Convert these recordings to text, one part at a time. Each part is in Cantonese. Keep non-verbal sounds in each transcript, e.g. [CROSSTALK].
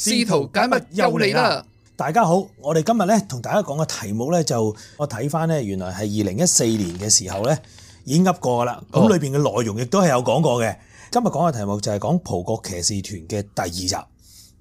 試圖解密又嚟啦！大家好，我哋今日咧同大家講嘅題目咧就，我睇翻咧原來係二零一四年嘅時候咧已經噏過噶啦，咁裏邊嘅內容亦都係有講過嘅、哦。今日講嘅題目就係講《葡國騎士團》嘅第二集。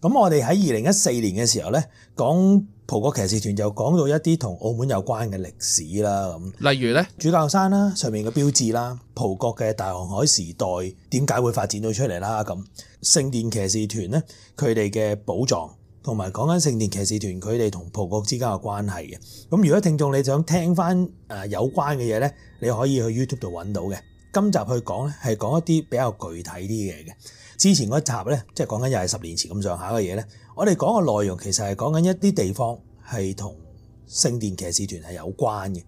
咁我哋喺二零一四年嘅時候咧，講葡國騎士團就講到一啲同澳門有關嘅歷史啦，咁例如咧主教山啦，上面嘅標誌啦，葡國嘅大航海時代點解會發展到出嚟啦，咁聖殿騎士團咧佢哋嘅寶藏，同埋講緊聖殿騎士團佢哋同葡國之間嘅關係嘅。咁如果聽眾你想聽翻誒有關嘅嘢咧，你可以去 YouTube 度揾到嘅。今集去講咧係講一啲比較具體啲嘅嘢嘅。之前嗰集咧，即係講緊又係十年前咁上下嘅嘢咧。我哋講嘅內容其實係講緊一啲地方係同聖殿騎士團係有關嘅，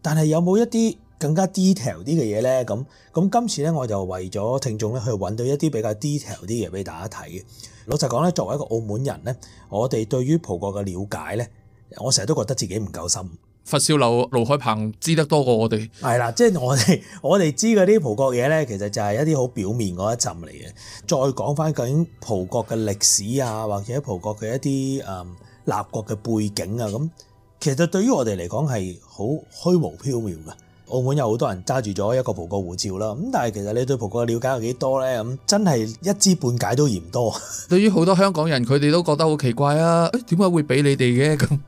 但係有冇一啲更加 detail 啲嘅嘢咧？咁咁今次咧，我就為咗聽眾咧去揾到一啲比較 detail 啲嘢俾大家睇嘅。老實講咧，作為一個澳門人咧，我哋對於葡國嘅了解咧，我成日都覺得自己唔夠深。佛笑樓、盧海鵬知得多過我哋，係啦，即係我哋我哋知嗰啲葡國嘢咧，其實就係一啲好表面嗰一浸嚟嘅。再講翻究竟葡國嘅歷史啊，或者葡國嘅一啲誒、嗯、立國嘅背景啊，咁其實對於我哋嚟講係好虛無縹緲㗎。澳門有好多人揸住咗一個葡國護照啦，咁但係其實你對葡國嘅了解有幾多咧？咁真係一知半解都嫌多。對於好多香港人，佢哋都覺得好奇怪啊，哎、點解會俾你哋嘅咁？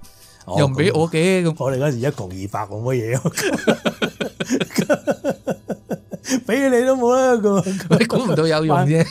哦、又唔畀我嘅咁、哦，我哋嗰時一窮二白咁嘅嘢。 [LAUGHS] [LAUGHS] [LAUGHS] 俾你都冇啦，估估唔到有用啫，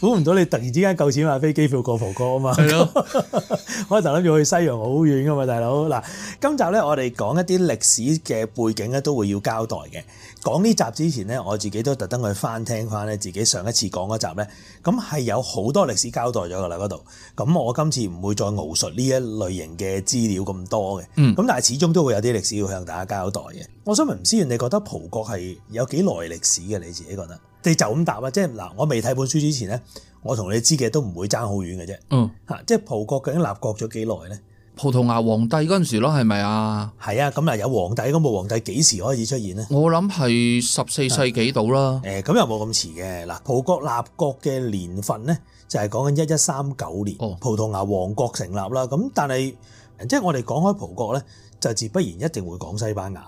估唔到你突然之間夠錢買飛機票過葡國啊嘛，係咯， [LAUGHS] 我就諗住去西洋好遠噶嘛，大佬嗱，今集咧我哋講一啲歷史嘅背景咧都會要交代嘅。講呢集之前咧，我自己都特登去翻聽翻咧自己上一次講嗰集咧，咁係有好多歷史交代咗噶啦嗰度。咁我今次唔會再奧述呢一類型嘅資料咁多嘅，咁、嗯、但係始終都會有啲歷史要向大家交代嘅。我想問唔知思遠，你覺得葡國係有幾耐歷史？歷史嘅你自己覺得，你就咁答啊？即係嗱，我未睇本書之前咧，我同你知嘅都唔會爭好遠嘅啫。嗯，吓，即係葡國究竟立國咗幾耐咧？葡萄牙皇帝嗰陣時咯，係咪啊？係啊，咁嗱，有皇帝咁冇、那個、皇帝幾時開始出現咧？我諗係十四世紀到啦。咁、啊呃、又冇咁遲嘅嗱。葡國立國嘅年份咧，就係講緊一一三九年、哦、葡萄牙王國成立啦。咁但係即係我哋講開葡國咧，就自不然一定會講西班牙。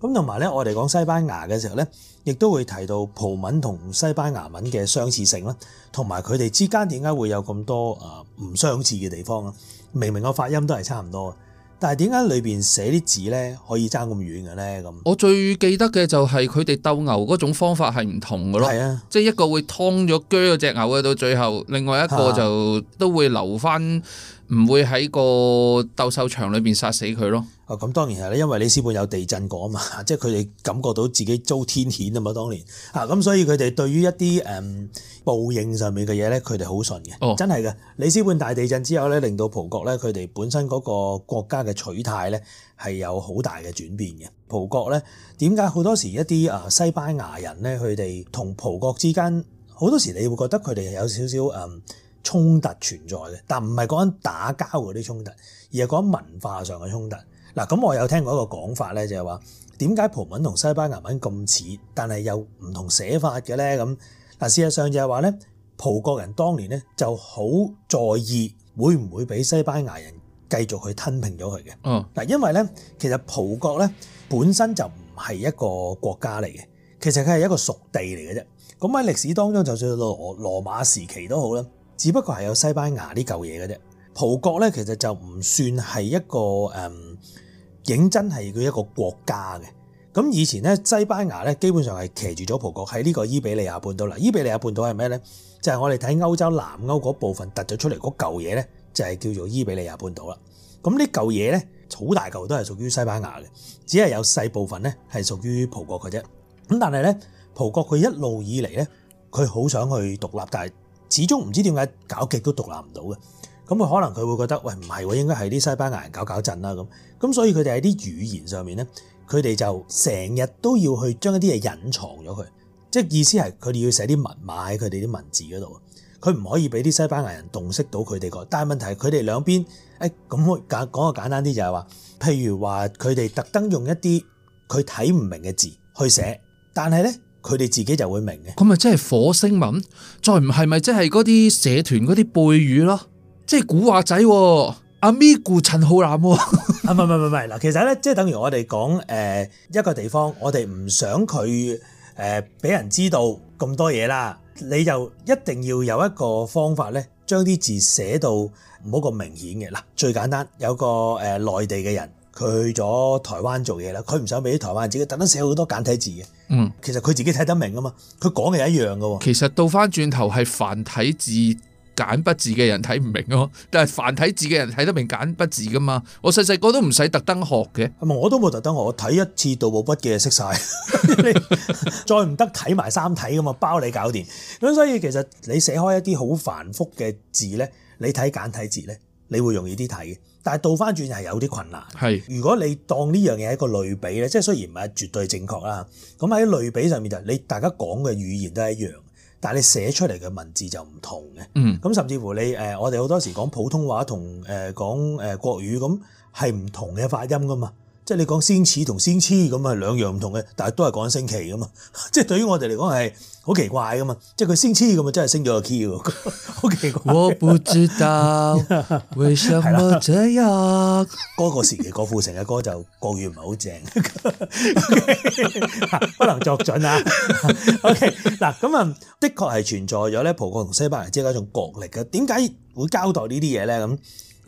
咁同埋咧，我哋講西班牙嘅時候咧。亦都會提到葡文同西班牙文嘅相似性啦，同埋佢哋之間點解會有咁多啊唔相似嘅地方啊？明明個發音都係差唔多，但係點解裏面寫啲字呢可以爭咁遠嘅呢？咁我最記得嘅就係佢哋鬥牛嗰種方法係唔同嘅咯、啊，即係一個會劏咗鋸咗隻牛嘅，到最後另外一個就都會留翻，唔、啊、會喺個鬥獸場裏面殺死佢咯。咁當然係喇，因為里斯本有地震過啊嘛，即係佢哋感覺到自己遭天譴啊嘛，當年咁。所以佢哋對於一啲誒、嗯、報應上面嘅嘢咧，佢哋好信嘅，oh. 真係嘅。里斯本大地震之後咧，令到葡國咧佢哋本身嗰個國家嘅取態咧係有好大嘅轉變嘅。葡國咧，點解好多時一啲啊西班牙人咧佢哋同葡國之間好多時你會覺得佢哋有少少誒衝突存在嘅，但唔係講緊打交嗰啲衝突，而係講文化上嘅衝突。嗱，咁我有聽過一個講法咧，就係話點解葡文同西班牙文咁似，但係又唔同寫法嘅咧？咁嗱，事實上就係話咧，葡國人當年咧就好在意會唔會俾西班牙人繼續去吞併咗佢嘅。嗯，嗱，因為咧，其實葡國咧本身就唔係一個國家嚟嘅，其實佢係一個屬地嚟嘅啫。咁喺歷史當中，就算到羅羅馬時期都好啦，只不過係有西班牙呢嚿嘢嘅啫。葡國咧其實就唔算係一個、嗯認真係佢一個國家嘅，咁以前咧西班牙咧基本上係騎住咗葡國喺呢個伊比利亞半島啦。伊比利亞半島係咩咧？就係、是、我哋睇歐洲南歐嗰部分凸咗出嚟嗰嚿嘢咧，就係叫做伊比利亞半島啦。咁呢嚿嘢咧好大嚿都係屬於西班牙嘅，只係有細部分咧係屬於葡國嘅啫。咁但係咧葡國佢一路以嚟咧，佢好想去獨立，但係始終唔知點解搞極都獨立唔到嘅。咁佢可能佢會覺得，喂唔係喎，應該係啲西班牙人搞搞震啦。咁咁，所以佢哋喺啲語言上面咧，佢哋就成日都要去將一啲嘢隱藏咗佢，即係意思係佢哋要寫啲文碼喺佢哋啲文字嗰度。佢唔可以俾啲西班牙人洞悉到佢哋個。但係問題係佢哋兩邊誒咁，哎、我簡講，講個簡單啲就係話，譬如話佢哋特登用一啲佢睇唔明嘅字去寫，但係咧佢哋自己就會明嘅。咁咪即係火星文，再唔係咪即係嗰啲社團嗰啲背語咯？即係古惑仔，阿咪顧襯好難。啊，唔係唔唔係，嗱，其實咧，即係等於我哋講，誒、呃，一個地方，我哋唔想佢，誒、呃，俾人知道咁多嘢啦。你就一定要有一個方法咧，將啲字寫到唔好咁明顯嘅。嗱，最簡單，有個誒內、呃、地嘅人，佢去咗台灣做嘢啦，佢唔想俾啲台灣人知，佢特登寫好多簡體字嘅。嗯，其實佢自己睇得明啊嘛，佢講嘅一樣喎。其實倒翻轉頭係繁體字。簡筆字嘅人睇唔明咯，但係繁體字嘅人睇得明簡筆字噶嘛？我細細個都唔使特登學嘅，我都冇特登學，我睇一次《盜墓筆記》就識晒，再唔得睇埋三體噶嘛，包你搞掂。咁所以其實你寫開一啲好繁複嘅字咧，你睇簡體字咧，你會容易啲睇嘅。但係倒翻轉係有啲困難。係，如果你當呢樣嘢係一個類比咧，即係雖然唔係絕對正確啦，咁喺類比上面就你大家講嘅語言都係一樣。但係你寫出嚟嘅文字就唔同嘅，嗯，咁甚至乎你誒，我哋好多時講普通話同誒講誒國語咁係唔同嘅發音㗎嘛？即係你講先黐同先黐咁係兩樣唔同嘅，但係都係講升旗噶嘛。即係對於我哋嚟講係好奇怪噶嘛。即係佢先黐咁啊，真係升咗個 key 喎，好奇怪。我不知道 [LAUGHS] 為什麼這樣。嗰個時期，郭富城嘅歌就國語唔係好正， [LAUGHS] okay, [LAUGHS] 不能作準啊。OK，嗱咁啊，的確係存在咗咧，葡國同西班牙之間一種角力嘅。點解會交代呢啲嘢咧？咁。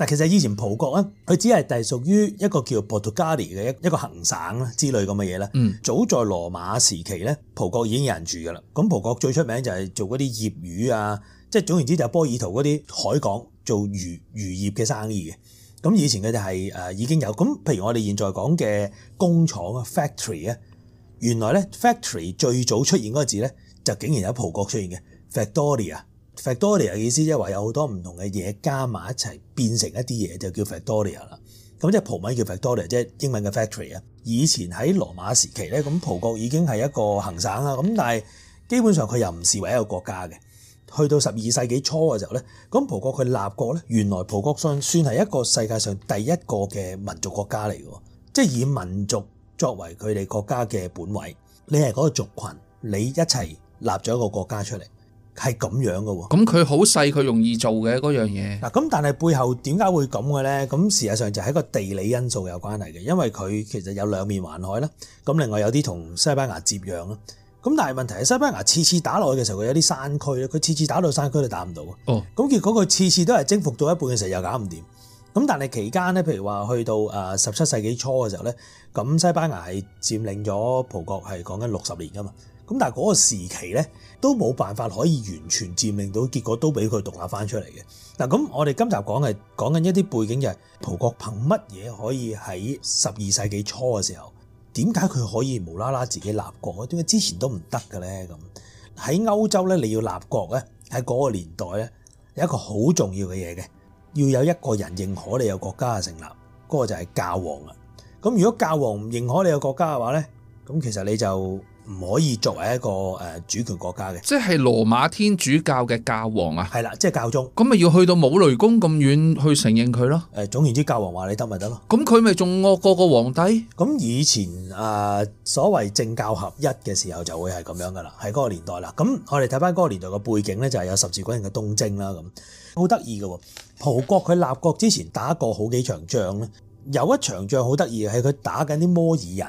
但其實以前葡國咧，佢只係隸屬於一個叫 Portugal 嘅一一個行省啦之類咁嘅嘢咧。嗯，早在羅馬時期咧，葡國已經有人住噶啦。咁葡國最出名就係做嗰啲業魚啊，即係總言之就係波爾圖嗰啲海港做漁漁業嘅生意嘅。咁以前佢就係誒已經有。咁譬如我哋現在講嘅工廠 factory 啊，原來咧 factory 最早出現嗰個字咧，就竟然有葡國出現嘅 factoria。factoria 嘅意思即係話有好多唔同嘅嘢加埋一齊，變成一啲嘢就叫 factoria 啦。咁即係葡文叫 factoria，即係英文嘅 factory 啊。以前喺羅馬時期咧，咁葡國已經係一個行省啦。咁但係基本上佢又唔視為一個國家嘅。去到十二世紀初嘅時候咧，咁葡國佢立國咧，原來葡國算算係一個世界上第一個嘅民族國家嚟㗎，即係以民族作為佢哋國家嘅本位。你係嗰個族群，你一齊立咗一個國家出嚟。係咁樣嘅喎，咁佢好細，佢容易做嘅嗰樣嘢。嗱，咁但係背後點解會咁嘅咧？咁事實上就係一個地理因素有關係嘅，因為佢其實有兩面環海啦。咁另外有啲同西班牙接壤啦。咁但係問題係西班牙次次打落去嘅時候，佢有啲山區咧，佢次次打到山區都打唔到。哦。咁結果佢次次都係征服到一半嘅時候又搞唔掂。咁但係期間咧，譬如話去到誒十七世紀初嘅時候咧，咁西班牙係佔領咗葡國係講緊六十年噶嘛。咁但係嗰個時期咧，都冇辦法可以完全佔領到，結果都俾佢獨立翻出嚟嘅。嗱，咁我哋今集講嘅講緊一啲背景就係，葡國憑乜嘢可以喺十二世紀初嘅時候，點解佢可以無啦啦自己立國？點解之前都唔得嘅咧？咁喺歐洲咧，你要立國咧，喺嗰個年代咧，有一個好重要嘅嘢嘅，要有一個人認可你有國家嘅成立，嗰個就係教皇啊。咁如果教皇唔認可你有國家嘅話咧，咁其實你就。唔可以作為一個誒主權國家嘅，即係羅馬天主教嘅教皇啊，係啦，即係教宗。咁咪要去到武雷宮咁遠去承認佢咯？誒，總言之，教皇話你得咪得咯？咁佢咪仲惡過個皇帝？咁以前，呃，所謂政教合一嘅時候就會係咁樣噶啦，喺嗰個年代啦。咁我哋睇翻嗰個年代嘅背景咧，就係有十字軍嘅東征啦。咁好得意嘅葡國佢立國之前打過好幾場仗咧，有一場仗好得意，係佢打緊啲摩爾人。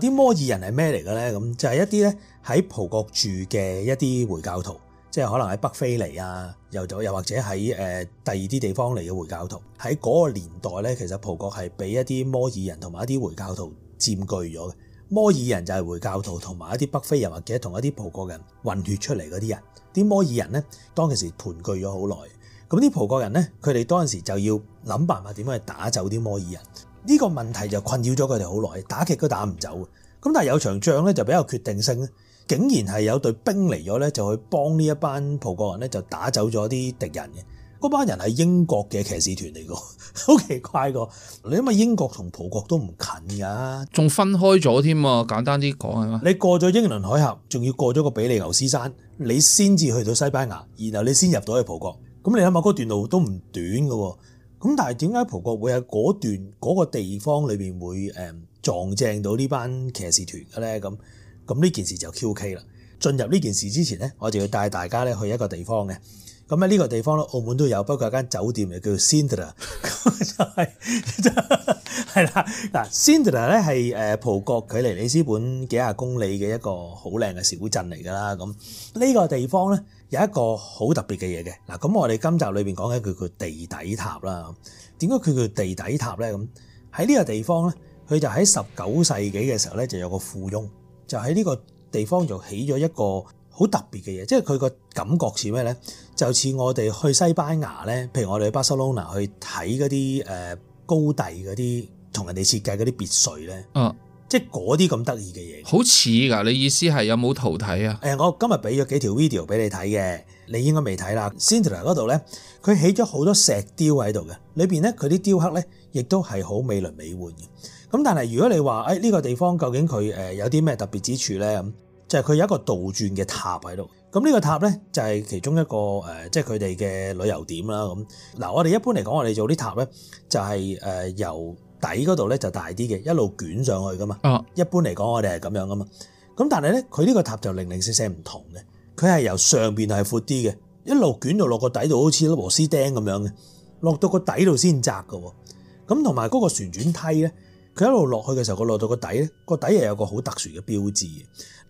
啲摩爾人係咩嚟嘅咧？咁就係、是、一啲咧喺葡國住嘅一啲回教徒，即係可能喺北非嚟啊，又就又或者喺誒第二啲地方嚟嘅回教徒。喺嗰個年代咧，其實葡國係俾一啲摩爾人同埋一啲回教徒佔據咗嘅。摩爾人就係回教徒同埋一啲北非人或者同一啲葡國人混血出嚟嗰啲人。啲摩爾人咧，當其時盤據咗好耐，咁啲葡國人咧，佢哋嗰陣時就要諗辦法點樣去打走啲摩爾人。呢個問題就困擾咗佢哋好耐，打極都打唔走嘅。咁但係有場仗咧就比較決定性咧，竟然係有隊兵嚟咗咧就去幫呢一班葡國人咧就打走咗啲敵人嘅。嗰班人係英國嘅騎士團嚟㗎，好奇怪㗎！你諗吓英國同葡國都唔近㗎，仲分開咗添啊！簡單啲講係嘛？你過咗英倫海峽，仲要過咗個比利牛斯山，你先至去到西班牙，然後你先入到去葡國。咁你諗下嗰段路都唔短㗎喎。咁但係點解葡國會喺嗰段嗰個地方裏面會誒撞正到呢班騎士團嘅咧？咁咁呢件事就 QK 啦。進入呢件事之前咧，我就要帶大家咧去一個地方嘅。咁咧呢個地方咧，澳門都有，不過一間酒店嘅，叫 Sintra。 [LAUGHS] [LAUGHS] 咁就係啦。嗱，Sintra 咧係誒葡國距離里斯本幾廿公里嘅一個好靚嘅小鎮嚟㗎啦。咁呢個地方咧有一個好特別嘅嘢嘅。嗱，咁我哋今集裏面講緊佢叫地底塔啦。點解佢叫地底塔咧？咁喺呢個地方咧，佢就喺十九世紀嘅時候咧就有個富翁，就喺呢個地方就起咗一個好特別嘅嘢，即係佢個感覺似咩咧？就似我哋去西班牙咧，譬如我哋去巴塞隆納去睇嗰啲誒高第嗰啲同人哋設計嗰啲別墅咧、啊，即係嗰啲咁得意嘅嘢。好似㗎，你意思係有冇圖睇啊、呃？我今日俾咗幾條 video 俾你睇嘅，你應該未睇啦。Sintra 嗰度咧，佢起咗好多石雕喺度嘅，裏邊咧佢啲雕刻咧亦都係好美輪美奐嘅。咁但係如果你話誒呢個地方究竟佢有啲咩特別之處咧咁？就係、是、佢有一個倒轉嘅塔喺度，咁呢個塔咧就係其中一個誒，即係佢哋嘅旅遊點啦。咁嗱，我哋一般嚟講，我哋做啲塔咧就係誒由底嗰度咧就大啲嘅，一路捲上去噶嘛。一般嚟講，我哋係咁樣噶嘛。咁但係咧，佢呢個塔就零零舍舍唔同嘅，佢係由上邊係闊啲嘅，一路捲到落個底度，好似螺絲釘咁樣嘅，落到個底度先窄嘅。咁同埋嗰個旋轉梯咧，佢一路落去嘅時候，佢落到個底咧，個底係有個好特殊嘅標誌嘅。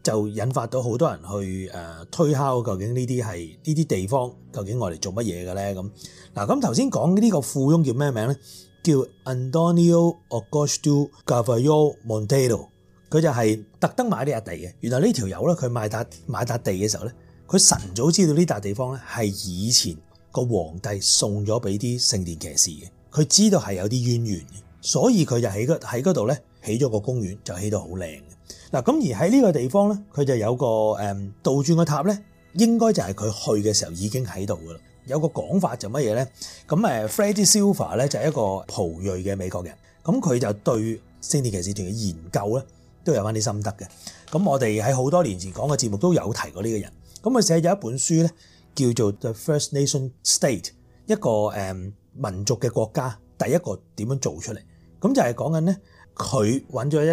就引發到好多人去誒推敲究竟呢啲係呢啲地方究竟我哋做乜嘢嘅咧咁嗱咁頭先講呢個富翁叫咩名咧？叫 Antonio Augusto Carvalho Monteiro 佢就係特登買呢笪地嘅。原來呢條友咧，佢買笪買笪地嘅時候咧，佢晨早知道呢笪地方咧係以前個皇帝送咗俾啲聖殿騎士嘅，佢知道係有啲淵源嘅，所以佢就喺嗰喺度咧起咗個公園，就起到好靚嘅。嗱，咁而喺呢個地方咧，佢就有個誒倒轉個塔咧，應該就係佢去嘅時候已經喺度噶啦。有個講法就乜嘢咧？咁 Freddy Silver 咧就係一個葡裔嘅美國人，咁佢就對聖殿騎士團嘅研究咧都有翻啲心得嘅。咁我哋喺好多年前講嘅節目都有提過呢個人。咁佢寫咗一本書咧，叫做《The First Nation State》，一個誒民族嘅國家，第一個點樣做出嚟？咁就係講緊咧，佢揾咗一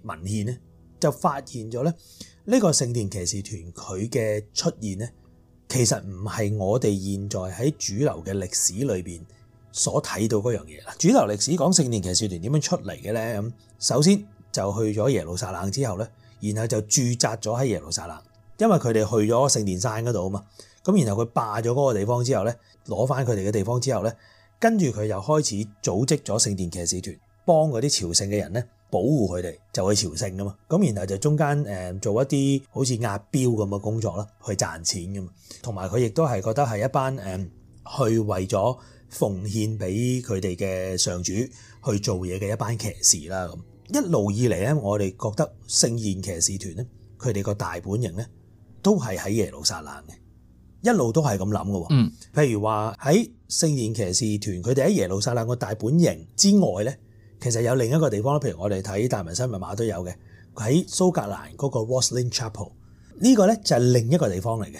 啲文獻咧。就發現咗咧，呢個聖殿騎士團佢嘅出現咧，其實唔係我哋現在喺主流嘅歷史裏邊所睇到嗰樣嘢啦。主流歷史講聖殿騎士團點樣出嚟嘅咧，咁首先就去咗耶路撒冷之後咧，然後就駐紮咗喺耶路撒冷，因為佢哋去咗聖殿山嗰度啊嘛。咁然後佢霸咗嗰個地方之後咧，攞翻佢哋嘅地方之後咧，跟住佢又開始組織咗聖殿騎士團，幫嗰啲朝聖嘅人咧。保護佢哋就去朝聖噶嘛，咁然後就中間誒做一啲好似押鏢咁嘅工作啦，去賺錢噶嘛，同埋佢亦都係覺得係一班誒去為咗奉獻俾佢哋嘅上主去做嘢嘅一班騎士啦咁。一路以嚟咧，我哋覺得聖殿騎士團咧，佢哋個大本營咧都係喺耶路撒冷嘅，一路都係咁諗嘅。嗯，譬如話喺聖殿騎士團佢哋喺耶路撒冷個大本營之外咧。其實有另一個地方，譬如我哋睇達文西密碼都有嘅，喺蘇格蘭嗰個 Rosslyn Chapel 呢個咧就係另一個地方嚟嘅，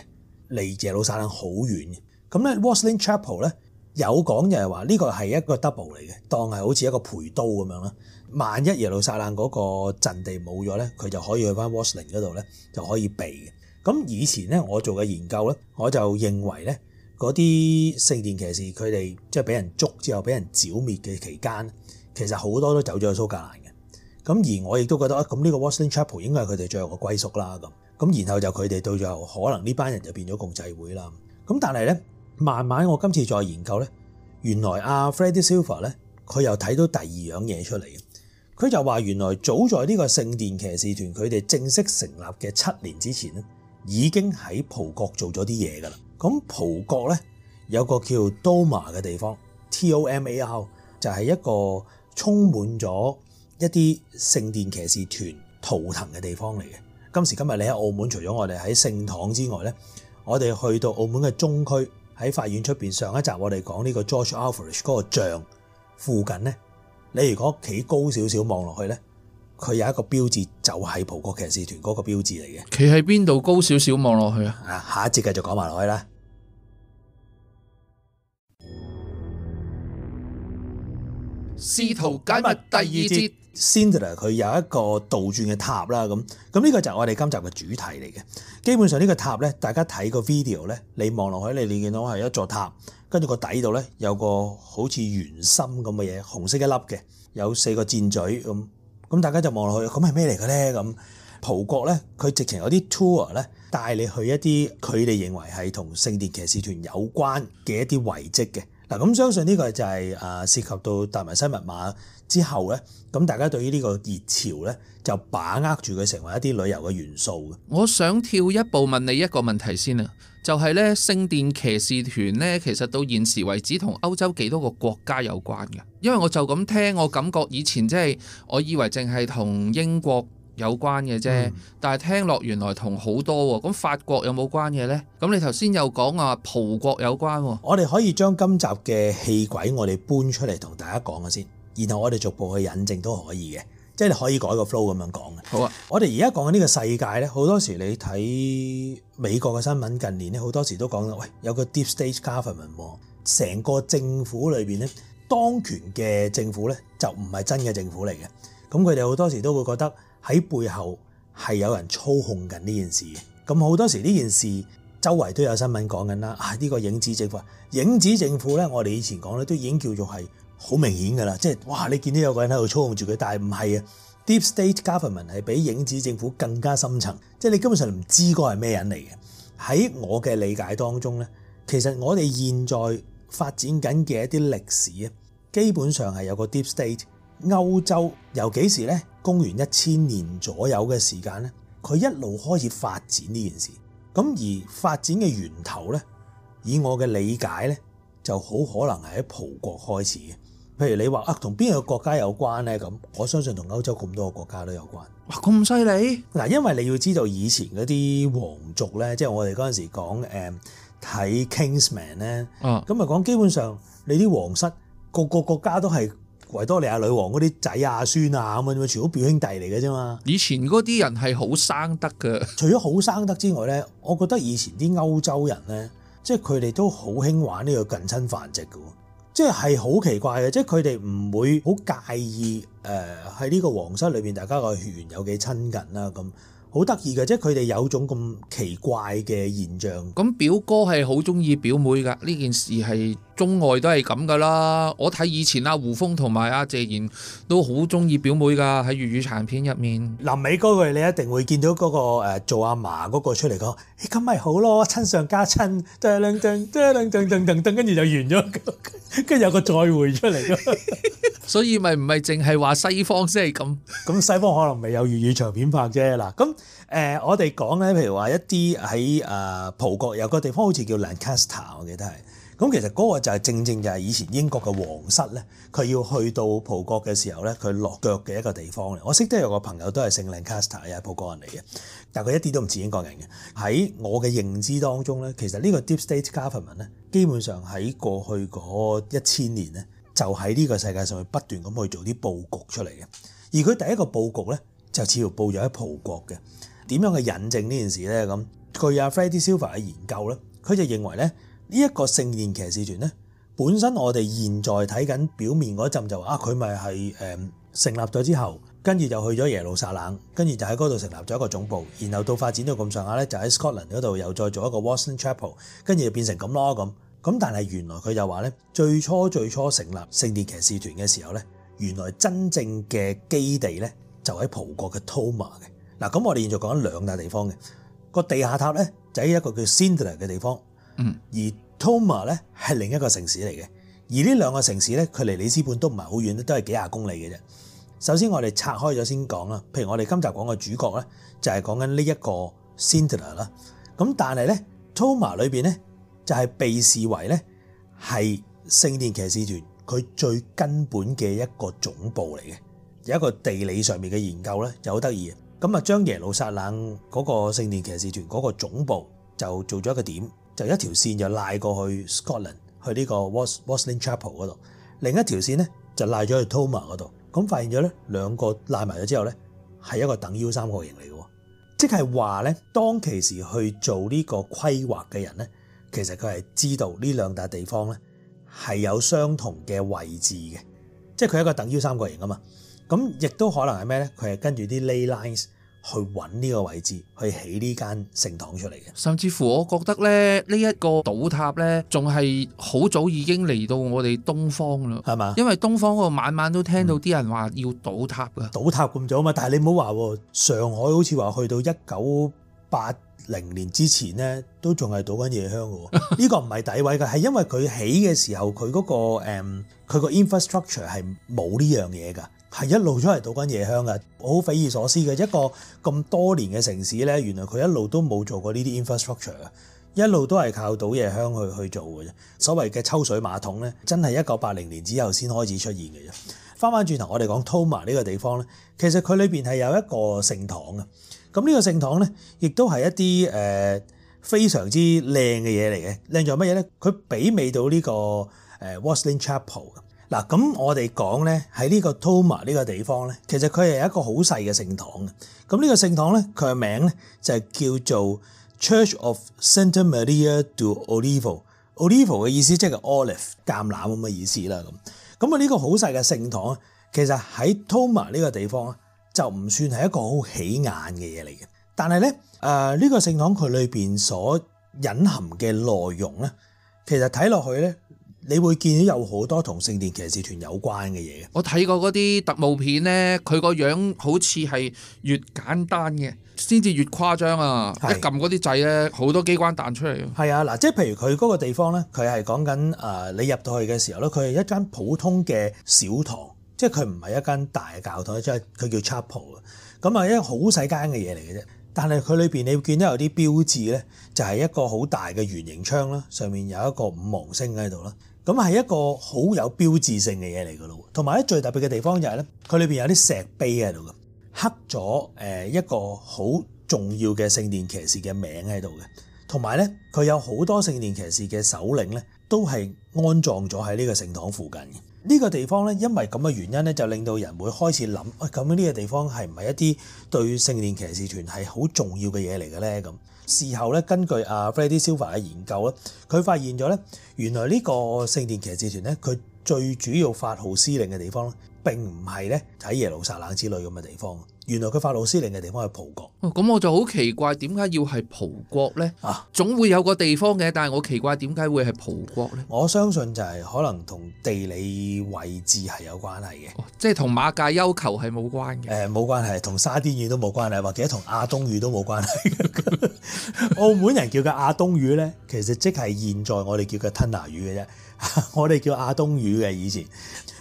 離耶路撒冷好遠嘅。咁咧 Rosslyn Chapel 咧有講就係話呢個係一個 double 嚟嘅，當係好似一個陪都咁樣啦。萬一耶路撒冷嗰個陣地冇咗咧，佢就可以去返 Rosslyn 嗰度咧就可以避嘅。咁以前咧我做嘅研究咧，我就認為咧嗰啲聖殿騎士佢哋即係俾人捉之後俾人剿滅嘅期間。其實好多都走咗去蘇格蘭嘅，咁而我亦都覺得啊，咁呢個 Wassling Chapel 應該係佢哋最後嘅歸宿啦。咁咁，然後就佢哋到最後可能呢班人就變咗共濟會啦。咁但係咧，慢慢我今次再研究咧，原來阿 Freddie Silva 咧，佢又睇到第二樣嘢出嚟嘅。佢就話原來早在呢個聖殿騎士團佢哋正式成立嘅七年之前咧，已經喺葡國做咗啲嘢㗎啦。咁葡國咧有個叫 Doma 嘅地方，T O M A R，就係一個。充滿咗一啲聖殿騎士團圖騰嘅地方嚟嘅。今時今日你喺澳門，除咗我哋喺聖堂之外呢，我哋去到澳門嘅中區，喺法院出面。上一集我哋講呢個 George Alvarez 嗰個像附近呢，你如果企高少少望落去呢，佢有一個標誌，就係葡國騎士團嗰個標誌嚟嘅。企喺邊度高少少望落去啊？啊，下一節繼續講埋落去啦。試圖解密第二節 Sintra，佢有一個倒轉嘅塔啦，咁咁呢個就係我哋今集嘅主題嚟嘅。基本上呢個塔咧，大家睇個 video 咧，你望落去，你你見到係一座塔，跟住個底度咧有個好似圓心咁嘅嘢，紅色一粒嘅，有四個箭嘴咁。咁、嗯、大家就望落去，咁係咩嚟嘅咧？咁葡國咧，佢直情有啲 tour 咧帶你去一啲佢哋認為係同聖殿騎士團有關嘅一啲遺迹嘅。嗱，咁相信呢個就係啊涉及到達文西密碼之後呢，咁大家對於呢個熱潮呢，就把握住佢成為一啲旅遊嘅元素。我想跳一步問你一個問題先啊，就係呢聖殿騎士團呢，其實到現時為止同歐洲幾多個國家有關嘅？因為我就咁聽，我感覺以前即係我以為淨係同英國有關嘅啫、嗯，但係聽落原來同好多喎。咁法國有冇關嘅呢？咁你頭先又講啊，葡國有關喎。我哋可以將今集嘅戲軌，我哋搬出嚟同大家講下先，然後我哋逐步去引證都可以嘅，即係你可以改個 flow 咁樣講嘅。好啊，我哋而家講緊呢個世界呢。好多時你睇美國嘅新聞，近年呢好多時都講到：「喂，有個 deep state government，成個政府裏面呢，當權嘅政府呢，就唔係真嘅政府嚟嘅。咁佢哋好多時都會覺得，喺背後係有人操控緊呢件事。咁好多時呢件事周圍都有新聞講緊啦。啊，呢個影子政府，影子政府咧，我哋以前講咧都已經叫做係好明顯㗎喇，即係哇，你見到有個人喺度操控住佢，但係唔係啊？Deep State Government 係比影子政府更加深層，即係你根本上唔知嗰係咩人嚟嘅。喺我嘅理解當中咧，其實我哋現在發展緊嘅一啲歷史啊，基本上係有個 deep state。歐洲由幾時咧？公元一千年左右嘅時間呢，佢一路開始發展呢件事。咁而發展嘅源頭呢，以我嘅理解呢，就好可能係喺葡國開始嘅。譬如你話啊，同邊個國家有關呢？咁我相信同歐洲咁多個國家都有關。哇，咁犀利！嗱，因為你要知道以前嗰啲皇族呢，即係我哋嗰陣時講誒睇 Kingsman 呢，啊，咁咪講基本上你啲皇室個個國家都係。維多利亞女王嗰啲仔啊孫啊咁樣，全部表兄弟嚟嘅啫嘛。以前嗰啲人係好生得㗎，除咗好生得之外咧， [LAUGHS] 我覺得以前啲歐洲人咧，即係佢哋都好興玩呢個近親繁殖嘅，即係好奇怪嘅，即係佢哋唔會好介意誒喺呢個皇室裏邊大家個血緣有幾親近啦，咁好得意嘅，即係佢哋有種咁奇怪嘅現象。咁表哥係好中意表妹㗎，呢件事係。中外都係咁噶啦，我睇以前阿胡楓同埋阿謝賢都好中意表妹噶，喺粵語長片入面。嗱，臨尾嗰句你一定會見到嗰個做阿嫲嗰個出嚟個，咁、欸、咪好咯，親上加親，噔噔噔噔噔噔噔，跟住就完咗，跟住有個再會出嚟咯。 [LAUGHS] 所以咪唔係淨係話西方先係咁，咁西方可能未有粵語長片拍啫。嗱，咁誒我哋講咧，譬如話一啲喺誒葡國有個地方，好似叫 Lancaster，我記得係。咁其實嗰個就係正正就係以前英國嘅皇室咧，佢要去到葡國嘅時候咧，佢落腳嘅一個地方嘅。我識得有個朋友都係聖令卡斯特，又係葡國人嚟嘅，但佢一啲都唔似英國人嘅。喺我嘅認知當中咧，其實呢個 deep state government 咧，基本上喺過去嗰一千年咧，就喺呢個世界上去不斷咁去做啲佈局出嚟嘅。而佢第一個佈局咧，就似乎佈咗喺葡國嘅。點樣去引證呢件事咧？咁據阿 Freddy Silver 嘅研究咧，佢就認為咧。呢、這、一個聖殿騎士團咧，本身我哋現在睇緊表面嗰陣就啊，佢咪係誒成立咗之後，跟住就去咗耶路撒冷，跟住就喺嗰度成立咗一個總部，然後到發展到咁上下咧，就喺 Scotland 嗰度又再做一個 Watson Chapel，跟住就變成咁咯咁。咁但係原來佢就話咧，最初最初成立聖殿騎士團嘅時候咧，原來真正嘅基地咧就喺葡國嘅 Tomar 嘅嗱。咁我哋現在講緊兩大地方嘅個地下塔咧，就喺一個叫 Sintra 嘅地方。嗯，而 Tomar 咧係另一個城市嚟嘅。而呢兩個城市咧，距離里斯本都唔係好遠，都係幾廿公里嘅啫。首先我哋拆開咗先講啦，譬如我哋今集講嘅主角咧，就係講緊呢一個 Sintra 啦。咁但係咧，Tomar 裏面咧就係被視為咧係聖殿騎士團佢最根本嘅一個總部嚟嘅。有一個地理上面嘅研究咧就好得意嘅，咁啊將耶路撒冷嗰個聖殿騎士團嗰個總部就做咗一個點。就一條線就拉過去 Scotland 去呢個 Rosslyn Chapel 嗰度，另一條線咧就拉咗去 Tomar 嗰度，咁發現咗咧兩個拉埋咗之後咧係一個等腰三角形嚟嘅，即係話咧當其時去做呢個規劃嘅人咧，其實佢係知道呢兩笪地方咧係有相同嘅位置嘅，即係佢一個等腰三角形啊嘛，咁亦都可能係咩咧？佢係跟住啲 lay lines。去揾呢個位置，去起呢間聖堂出嚟嘅。甚至乎，我覺得咧，呢一個倒塌呢，仲係好早已經嚟到我哋東方啦，係嘛？因為東方個晚晚都聽到啲人話要倒塌噶、嗯。倒塌咁早啊嘛？但係你唔好話上海好似話去到一九八零年之前呢，都仲係倒緊夜香噶。呢 [LAUGHS] 個唔係底位嘅，係因為佢起嘅時候，佢嗰、嗰個佢、嗯、個 infrastructure 係冇呢樣嘢㗎。係一路都係倒緊夜香嘅，好匪夷所思嘅一個咁多年嘅城市咧，原來佢一路都冇做過呢啲 infrastructure，一路都係靠倒夜香去去做嘅啫。所謂嘅抽水馬桶咧，真係一九八零年之後先開始出現嘅啫。翻返轉頭，我哋講 Tomar 呢個地方咧，其實佢裏邊係有一個聖堂嘅，咁呢個聖堂咧，亦都係一啲誒非常之靚嘅嘢嚟嘅。靚在乜嘢咧？佢媲美到呢個誒 Walsingham Chapel。嗱，咁我哋講咧，喺呢個 Tomar 呢個地方咧，其實佢係一個好細嘅聖堂嘅。咁呢個聖堂咧，佢嘅名咧就叫做 Church of Santa Maria do Olival。Olival 嘅意思即係個 olive 橄欖咁嘅意思啦。咁咁啊呢個好細嘅聖堂，其實喺 Tomar 呢個地方就唔算係一個好起眼嘅嘢嚟嘅。但係咧，誒呢個聖堂佢裏面所隱含嘅內容咧，其實睇落去咧。你會見到有好多同聖殿騎士團有關嘅嘢。我睇過嗰啲特務片呢，佢個樣好似係越簡單嘅，先至越誇張啊！一撳嗰啲掣咧，好多機關彈出嚟。係啊，嗱，即係譬如佢嗰個地方呢，佢係講緊誒你入到去嘅時候呢，佢係一間普通嘅小堂，即係佢唔係一間大教堂，即係佢叫 chapel 咁啊，一好細間嘅嘢嚟嘅啫。但係佢裏面你會見到有啲標誌呢，就係一個好大嘅圓形窗啦，上面有一個五芒星喺度啦。咁係一個好有標誌性嘅嘢嚟㗎咯，同埋咧最特別嘅地方就係咧，佢裏邊有啲石碑喺度嘅，刻咗誒一個好重要嘅聖殿騎士嘅名喺度嘅，同埋咧佢有好多聖殿騎士嘅首領咧，都係安葬咗喺呢個聖堂附近嘅。呢個地方咧，因為咁嘅原因咧，就令到人會開始諗，喂，咁呢個地方係唔係一啲對聖殿騎士團係好重要嘅嘢嚟嘅咧？咁？事後根據 Freddy Silver 嘅研究他佢發現咗，原來呢個聖殿騎士團佢最主要發號施令嘅地方並唔係咧喺耶路撒冷之類咁嘅地方。原來佢法老司令嘅地方係葡國，咁、哦、我就好奇怪，點解要係葡國咧？啊，總會有個地方嘅，但係我奇怪點解會係葡國咧？我相信就係可能同地理位置係有關係嘅、哦，即跟要係同馬介休球係冇關嘅。誒、呃、冇關係，同沙甸魚都冇關係，或者同亞冬魚都冇關係。 [LAUGHS] 澳門人叫嘅亞冬魚咧，其實即係現在我哋叫嘅吞拿魚嘅啫。 [LAUGHS] 我哋叫亞冬魚嘅以前，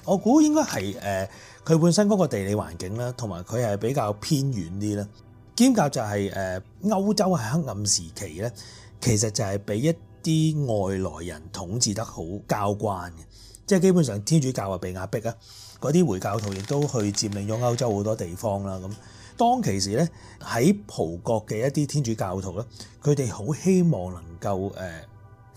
我估應該係誒。呃佢本身嗰個地理環境啦，同埋佢係比較偏遠啲啦，兼夾就係誒歐洲喺黑暗時期咧，其實就係俾一啲外來人統治得好交慣交關嘅，即係基本上天主教啊被壓迫啊，嗰啲回教徒亦都去佔領咗歐洲好多地方啦咁。當其時咧，喺葡國嘅一啲天主教徒咧，佢哋好希望能夠誒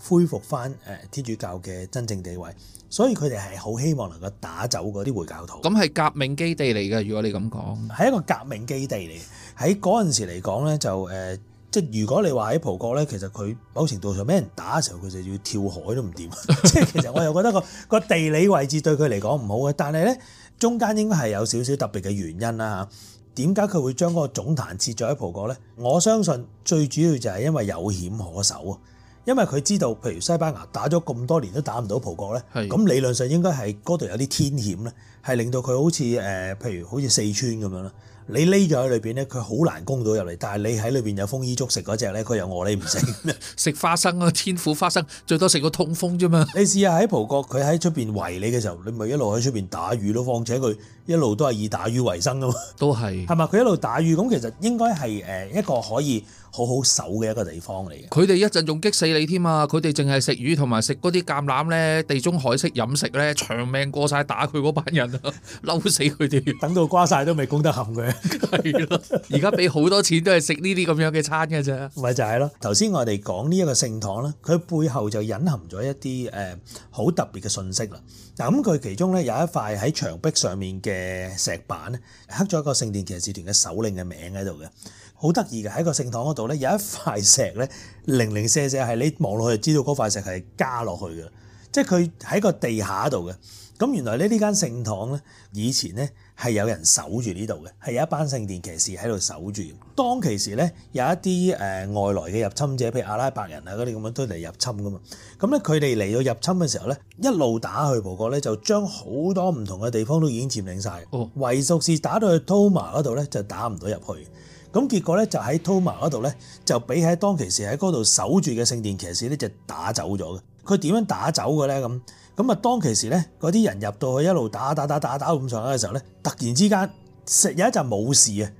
恢復翻誒天主教嘅真正地位。所以佢哋係好希望能夠打走嗰啲回教徒。咁係革命基地嚟嘅，如果你咁講，係一個革命基地嚟。喺嗰陣時嚟講咧，就、呃、即如果你話喺葡國咧，其實佢某程度上俾人打嘅時候，佢就要跳海都唔掂。即 [LAUGHS] 其實我又覺得個地理位置對佢嚟講唔好嘅，但係咧中間應該係有少少特別嘅原因啦嚇。點解佢會將嗰個總壇設咗喺葡國咧？我相信最主要就係因為有險可守啊。因為佢知道，譬如西班牙打咗咁多年都打唔到葡國咧，咁理論上應該係嗰度有啲天險咧，係令到佢好似誒、呃，譬如好似四川咁樣啦。你匿咗喺裏面咧，佢好難攻到入嚟。但係你喺裏面有豐衣足食嗰隻咧，佢又餓你唔成。食 [LAUGHS] 花生啊，天府花生最多食個痛風啫嘛。 [LAUGHS] 你試下喺葡國，佢喺出面圍你嘅時候，你咪一路喺出面打雨咯。況且佢。一路都係以打魚為生㗎嘛，都係，係咪？佢一路打魚，咁其實應該係誒一個可以好好守嘅一個地方嚟嘅。佢哋一陣仲激死你添啊！佢哋淨係食魚同埋食嗰啲橄欖咧，地中海式飲食咧，長命過晒打佢嗰班人啊！嬲死佢哋！等到瓜晒都未攻得冚。佢，係咯。而家俾好多錢都係食呢啲咁樣嘅餐嘅啫。咪就係、是、咯。頭先我哋講呢一個聖堂啦，佢背後就隱含咗一啲誒好特別嘅信息啦。咁佢其中咧有一塊喺牆壁上面嘅石板咧，刻咗一個聖殿騎士團嘅首領嘅名喺度嘅，好得意嘅，喺個聖堂嗰度咧有一塊石咧，零零舍舍係你望落去就知道嗰塊石係加落去嘅，即係佢喺個地下度嘅。咁原來呢呢間聖堂咧以前咧。係有人守住呢度嘅，係有一班聖殿騎士喺度守住。當其時咧，有一啲誒外來嘅入侵者，譬如阿拉伯人啊嗰啲咁樣都嚟入侵噶嘛。咁咧佢哋嚟到入侵嘅時候咧，一路打去葡國咧，就將好多唔同嘅地方都已經佔領晒。哦，唯獨是打到去托馬嗰度咧，就打唔到入去。咁結果咧就喺托馬嗰度咧，就俾喺當其時喺嗰度守住嘅聖殿騎士咧就打走咗嘅。佢點樣打走嘅咧咁？咁啊，當其時咧，嗰啲人入到去一路打打打打打咁上下嘅時候咧，突然之間食有一紮武士啊，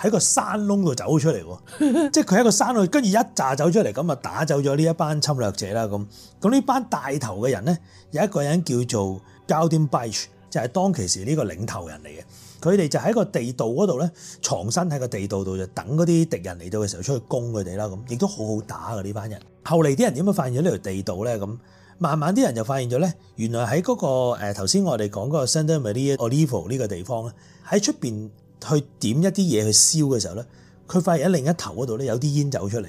喺個山窿度走出嚟喎，即係佢喺個山裏跟住一紮走出嚟，咁啊打走咗呢一班侵略者啦，咁咁呢班帶頭嘅人咧，有一個人叫做 Gualdim Pais 就係當其時呢個領頭人嚟嘅。佢哋就喺個地道嗰度咧藏身，喺個地道度就等嗰啲敵人嚟到嘅時候出去攻佢哋啦，咁亦都好好打嘅呢班人。後嚟啲人點樣發現咗呢條地道咧？咁慢慢啲人就發現咗咧，原來喺嗰、嗰個誒頭先我哋講嗰個 Santa Maria do Olival 呢個地方咧，喺出面去點一啲嘢去燒嘅時候咧，佢發現喺另一頭嗰度咧有啲煙走出嚟，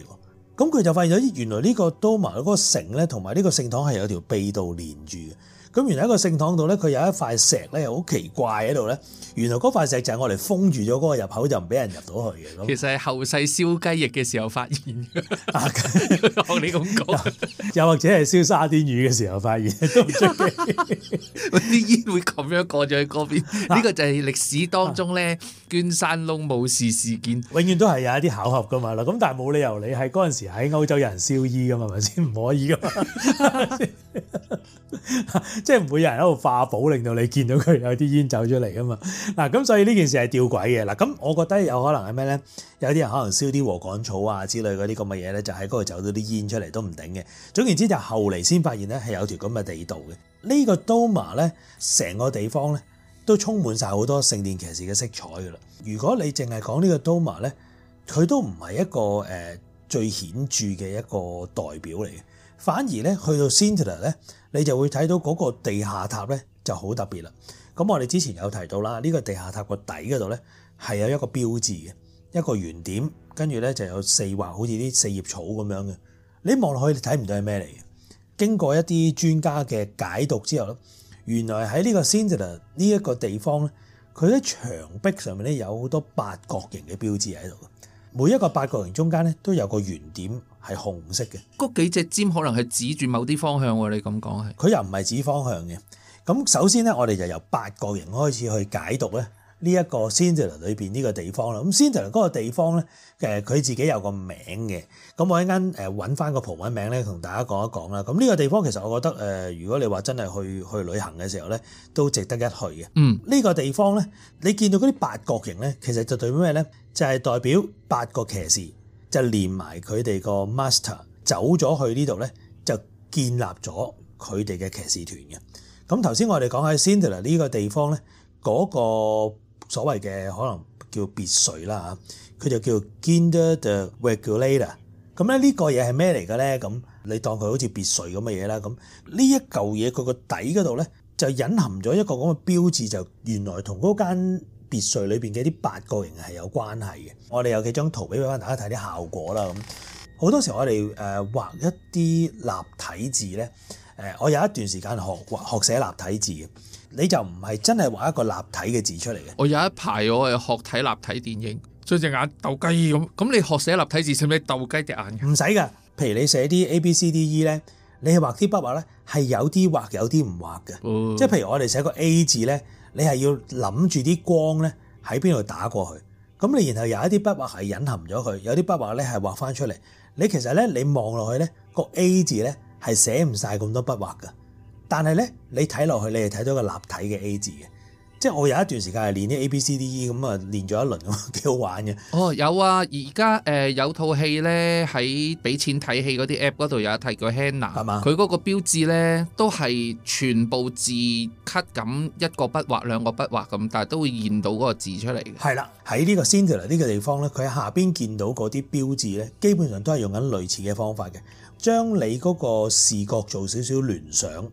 咁佢就發現咗原來呢、呢個 Tomar 嗰個城咧，同埋呢個聖堂係有條秘道連住嘅。咁原來喺個聖堂度咧，佢有一塊石咧，好奇怪喺度咧。原來嗰塊石就係我哋封住咗嗰個入口，就唔俾人入到去嘅。其實係後世燒雞翼嘅時候發現。我哋咁講，又或者係燒沙甸魚嘅時候發現。啲煙會咁樣過咗去嗰邊。呢個就係歷史當中咧，捐山窿無事事件，永遠都係有一啲巧合噶嘛啦。咁但係冇理由你係嗰陣時喺歐洲有人燒煙噶嘛？係咪先唔可以噶？即係有人喺度化寶，令到你見到佢有啲煙走出嚟噶嘛？嗱，咁所以呢件事係吊詭嘅嗱。咁我覺得有可能係咩咧？有啲人可能燒啲禾稈草啊之類嗰啲咁嘅嘢咧，就喺嗰度走到啲煙出嚟都唔頂嘅。總言之，就後嚟先發現咧係有條咁嘅地道嘅。呢、呢個 Tomar 咧，成個地方咧都充滿曬好多聖殿騎士嘅色彩噶啦。如果你淨係講呢個 Tomar 咧，佢都唔係一個、呃、最顯著嘅一個代表嚟。反而咧，去到 Sintra 咧，你就會睇到嗰個地下塔咧就好特別啦。咁我哋之前有提到啦，呢個地下塔個底嗰度咧係有一個標誌嘅，一個圓點，跟住咧就有四畫，好似啲四葉草咁樣嘅。你望落去，你睇唔到係咩嚟嘅。經過一啲專家嘅解讀之後咧，原來喺呢個 Sintra 呢一個地方咧，佢喺牆壁上面咧有好多八角形嘅標誌喺度，每一個八角形中間咧都有個圓點。係紅色嘅，嗰幾隻尖可能係指住某啲方向喎、啊。你咁講係佢又唔係指方向嘅。咁首先咧，我哋就由八角形開始去解讀咧呢一個 Sintra 裏邊呢個地方啦。咁 Sintra 嗰個地方咧，誒佢自己有個名嘅。咁我一陣誒揾翻個葡文名咧，同大家講一講啦。咁呢個地方其實我覺得誒，如果你話真係去去旅行嘅時候咧，都值得一去嘅。嗯，呢個地方咧，你見到嗰啲八角形咧，其實就代表咩咧？就係、是、代表八個騎士。就連埋佢哋個 master 走咗去呢度咧，就建立咗佢哋嘅騎士團嘅。咁頭先我哋講喺 Sintra 呢個地方咧，嗰個所謂嘅可能叫別墅啦嚇，佢就叫 Quinta da Regaleira。咁咧呢個嘢係咩嚟嘅咧？咁你當佢好似別墅咁嘅嘢啦。咁呢一嚿嘢佢個底嗰度咧，就隱含咗一個咁嘅標誌，就原來同嗰間別墅裏邊嘅啲八個形係有關係嘅，我哋有幾張圖俾翻大家睇啲效果啦。咁好多時候我哋誒畫一啲立體字咧，誒我有一段時間學學寫立體字嘅，你就唔係真係畫一個立體嘅字出嚟嘅。我有一排我係學睇立體電影，將隻眼鬥雞咁。咁你學寫立體字使唔使鬥雞隻眼？唔使㗎。譬如你寫啲 A B C D E 咧。你係畫啲筆畫咧，係有啲畫，有啲唔畫嘅。即係譬如我哋寫個 A 字咧，你係要諗住啲光咧喺邊度打過去。咁你然後有一啲筆畫係隱含咗佢，有啲筆畫咧係畫翻出嚟。你其實咧，你望落去咧，個 A 字咧係寫唔晒咁多筆畫嘅。但係咧，你睇落去，你係睇到一個立體嘅 A 字嘅。即係我有一段時間係練啲 A、B、C、D、E 咁啊，練咗一輪，幾好玩嘅。哦，有啊，而家誒有套戲咧喺俾錢睇戲嗰啲 app 嗰度有一套，有一套叫 Hanna 係嘛？佢嗰個標誌咧都係全部字 cut 咁一個筆畫兩個筆畫咁，但都會現到嗰個字出嚟。係啦，喺呢個 Sintra 呢個地方咧，佢喺下邊見到嗰啲標誌咧，基本上都係用緊類似嘅方法嘅，將你嗰個視覺做少少聯想。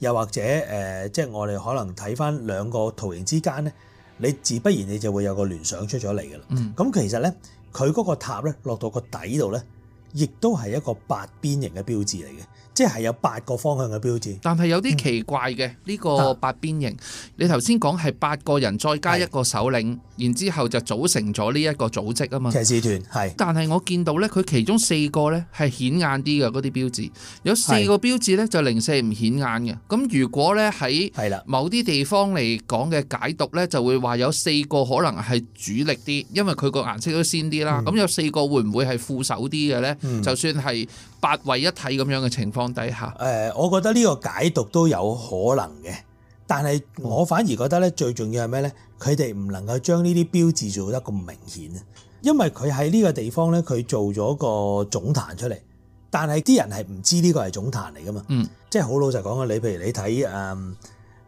又或者誒、呃，即係我哋可能睇返兩個圖形之間咧，你自不然你就會有個聯想出咗嚟嘅啦。咁、嗯、其實咧，佢嗰個塔咧落到個底度咧，亦都係一個八邊形嘅標誌嚟嘅。即係有八個方向嘅標誌，但係有啲奇怪嘅呢、嗯呢個八邊形。啊、你頭先講係八個人再加一個首領，然之後就組成咗呢一個組織啊嘛。騎士團係。但係我見到呢，佢其中四個呢係顯眼啲嘅嗰啲標誌，有四個標誌呢就零舍唔顯眼嘅。咁如果呢喺某啲地方嚟講嘅解讀呢，就會話有四個可能係主力啲，因為佢個顏色都鮮啲啦。咁、嗯、有四個會唔會係副手啲嘅呢、嗯？就算係。八位一體咁樣嘅情況底下，誒、呃，我覺得呢個解讀都有可能嘅，但係我反而覺得咧，最重要係咩咧？佢哋唔能夠將呢啲標誌做得咁明顯啊！因為佢喺呢個地方咧，佢做咗個總壇出嚟，但係啲人係唔知呢個係總壇嚟噶嘛。嗯，即係好老實講啊，你譬如你睇誒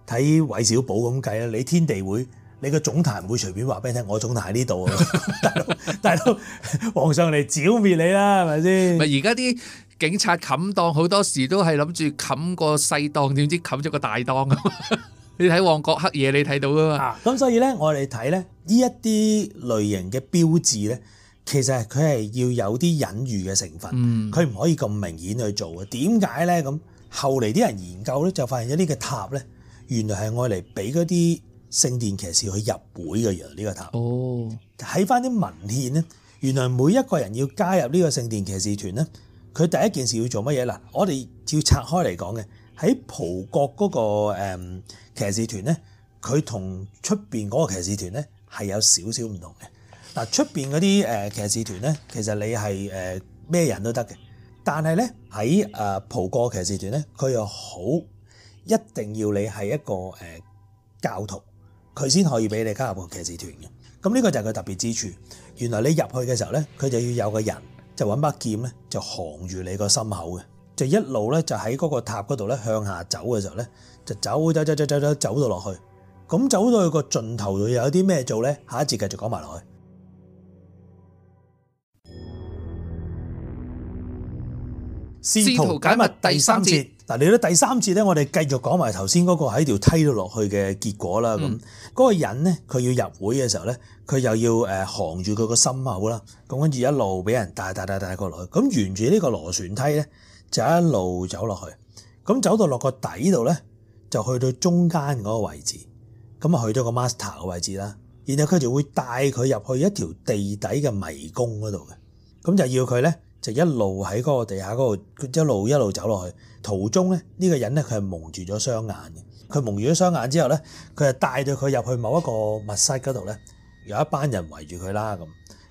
睇韋小寶咁計啦，你天地會。你個總壇唔會隨便話俾你聽，我總壇喺呢度啊！大佬，大佬，皇上嚟剿滅你啦，係咪先？唔係而家啲警察冚檔好多時都係諗住冚個細檔，點知冚咗個大檔 [LAUGHS] 看王國看啊！你睇旺角黑夜，你睇到啊嘛。咁所以咧，我哋睇咧，呢一啲類型嘅標誌咧，其實佢係要有啲隱喻嘅成分，佢、嗯、唔可以咁明顯去做嘅。點解咧？咁後嚟啲人研究咧，就發現咗呢個塔咧，原來係愛嚟俾嗰啲。聖殿騎士去入會嘅。原來呢個塔，睇翻啲文獻咧，原來每一個人要加入呢個聖殿騎士團咧，佢第一件事要做乜嘢？嗱，我哋照拆開嚟講嘅，喺葡國嗰個誒騎士團咧，佢同出邊嗰個騎士團咧係有少少唔同嘅。嗱，出邊嗰啲誒騎士團咧，其實你係誒咩人都得嘅，但係咧喺誒葡國騎士團咧，佢又好一定要你係一個誒教徒，佢先可以俾你加入部騎士團嘅，咁呢個就係佢特別之處。原來你入去嘅時候咧，佢就要有個人就揾把劍咧，就扛住你個心口嘅，就一路咧就喺嗰個塔嗰度咧向下走嘅時候咧，就走走走走走走走到落去，咁走到去個盡頭又有啲咩做咧？下一節繼續講埋落去。試圖解密第三節嗱，你咧第三節咧，我哋繼續講埋頭先嗰個喺條梯度落去嘅結果啦，咁、嗯。嗰、那個人咧，佢要入會嘅時候咧，佢又要誒行住佢個心口啦，咁跟住一路俾人帶帶帶帶過去。咁沿住呢個螺旋梯咧，就一路走落去，咁走到落個底度咧，就去到中間嗰個位置，咁啊去到個 Master 嘅位置啦，然後佢就會帶佢入去一條地底嘅迷宮嗰度嘅，咁就要佢咧就一路喺嗰個地下嗰度一路一路走落去，途中咧呢、這個人咧佢係蒙住咗雙眼嘅。佢蒙住咗雙眼之後咧，佢就帶咗佢入去某一個密室嗰度咧，有一班人圍住佢啦咁。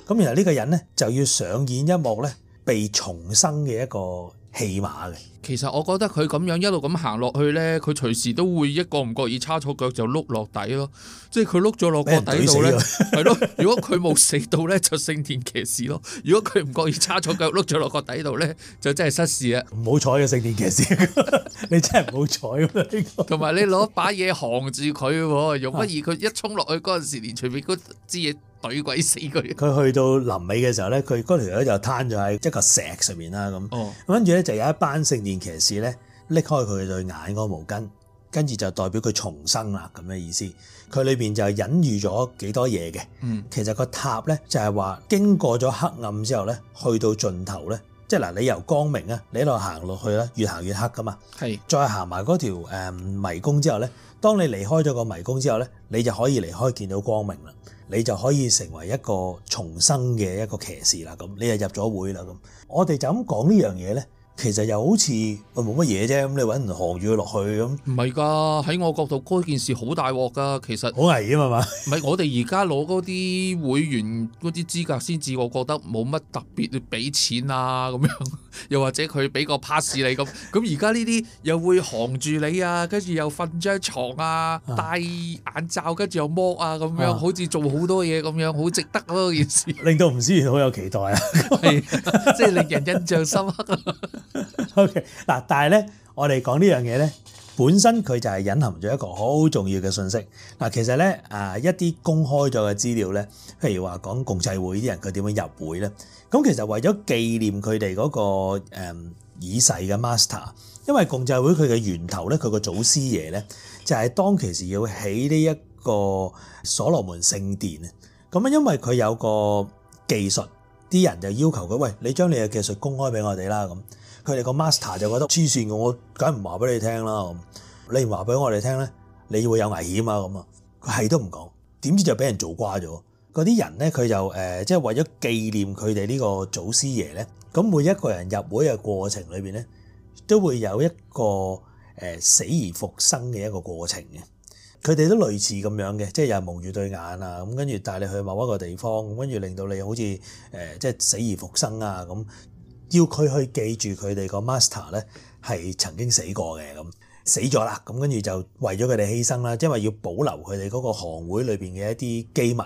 咁然後呢個人咧就要上演一幕咧被重生嘅一個。起碼嘅其實我覺得佢咁樣一路咁行落去咧，佢隨時都會一個唔覺意叉錯腳就碌落底咯，即係佢碌咗落個底度咧，係咯。 [LAUGHS] 如果佢冇死到咧，就聖殿騎士咯；如果佢唔覺意叉錯腳碌咗落個底度咧，就真係失事啦。唔好彩嘅，聖殿騎士， [LAUGHS] 你真係唔好彩。同埋你攞把嘢扛住佢，用乜嘢？佢一衝落去嗰陣時，連隨便嗰支嘢。懟鬼死佢！佢去到臨尾嘅時候咧，佢嗰條友就攤咗喺一個石上面啦咁。哦，跟住咧就有一班聖殿騎士咧，拎開佢對眼嗰毛巾，跟住就代表佢重生啦咁嘅意思。佢裏面就隱喻咗幾多嘢嘅。嗯，其實個塔咧就係話經過咗黑暗之後咧，去到盡頭咧，即係嗱，你由光明啊，你一路行落去啦，越行越黑噶嘛。係。再行埋嗰條、嗯、迷宮之後咧，當你離開咗個迷宮之後咧，你就可以離開見到光明啦。你就可以成為一個重生嘅一個騎士啦，咁你又入咗會啦，咁我哋就咁講呢樣嘢呢，其實又好似冇乜嘢啫，咁你揾人扛住佢落去咁。唔係㗎，喺我角度嗰件事好大鑊㗎，其實好危險啊嘛。唔係，我哋而家攞嗰啲會員嗰啲資格先至，我覺得冇乜特別要俾錢啊咁樣。又或者佢俾個 pass 你咁，咁而家呢啲又會行住你啊，跟住又瞓張床啊，啊，戴眼罩，跟住又摸啊，咁樣好似做好多嘢咁樣，啊、好值得咯件事。令到吳思遠好有期待啊，即 [LAUGHS] 係、啊就是、令人印象深刻、啊。O K，嗱，但係咧，我哋講呢樣嘢咧。本身佢就係隱含咗一個好重要嘅信息。嗱，其實咧啊，一啲公開咗嘅資料咧，譬如話講共濟會啲人佢點樣入會咧？咁其實為咗紀念佢哋嗰個誒已逝嘅 master，因為共濟會佢嘅源頭咧，佢個祖師爺咧就係當其時要起呢一個所羅門聖殿啊。咁啊，因為佢有個技術，啲人就要求佢：「喂，你將你嘅技術公開俾我哋啦。咁佢哋個 master 就覺得黐線嘅，我梗係唔話俾你聽啦。咁你唔話俾我哋聽咧，你會有危險啊咁啊！佢係都唔講，點知就俾人做瓜咗。嗰啲人咧，佢就誒，即係為咗紀念佢哋呢個祖師爺咧。咁每一個人入會嘅過程裏邊咧，都會有一個誒、呃、死而復生嘅一個過程嘅。佢哋都類似咁樣嘅，即係又係蒙住對眼啊，咁跟住帶你去某一個地方，跟住令到你好似誒、呃、即係死而復生啊咁。要佢去記住佢哋個 master 咧，係曾經死過嘅咁。死咗啦，咁跟住就為咗佢哋犧牲啦，因為要保留佢哋嗰個行會裏邊嘅一啲機密，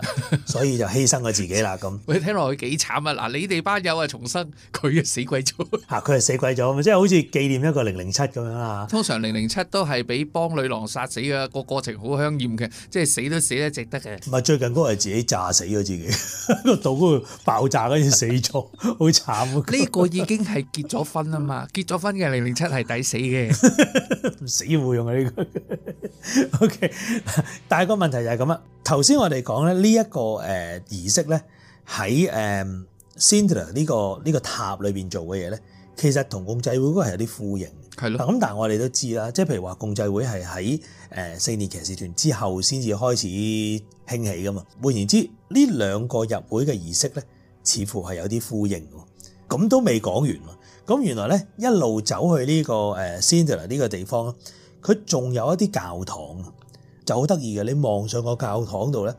所以就犧牲咗自己啦。咁喂，聽落去幾慘啊！嗱，你哋班友啊重生，佢啊死鬼咗。佢係死鬼咗，即係好似紀念一個零零七咁樣啦，通常零零七都係俾幫女郎殺死㗎，個過程好香豔嘅，即係死都死得值得嘅。唔係最近嗰個係自己炸死咗自己，個島嗰度爆炸，跟住死咗，好 [LAUGHS] 慘呢，呢個已經係結咗婚啊嘛， [LAUGHS] 結咗婚嘅零零七係抵死嘅。 [LAUGHS] 死會用嘅呢個 OK 但係個問題就係咁啊。頭先我哋講咧呢一個誒儀式咧，喺誒 Sintra 呢個呢個塔裏面做嘅嘢咧，其實同共濟會嗰個係有啲呼應咯。咁但係我哋都知啦，即係譬如話共濟會係喺誒聖殿騎士團之後先至開始興起噶嘛。換言之，呢兩個入會嘅儀式咧，似乎係有啲呼應。咁都未講完咁原來咧一路走去呢個誒 Sintra 呢個地方咧，佢仲有一啲教堂，就好得意嘅。你望上個教堂度咧，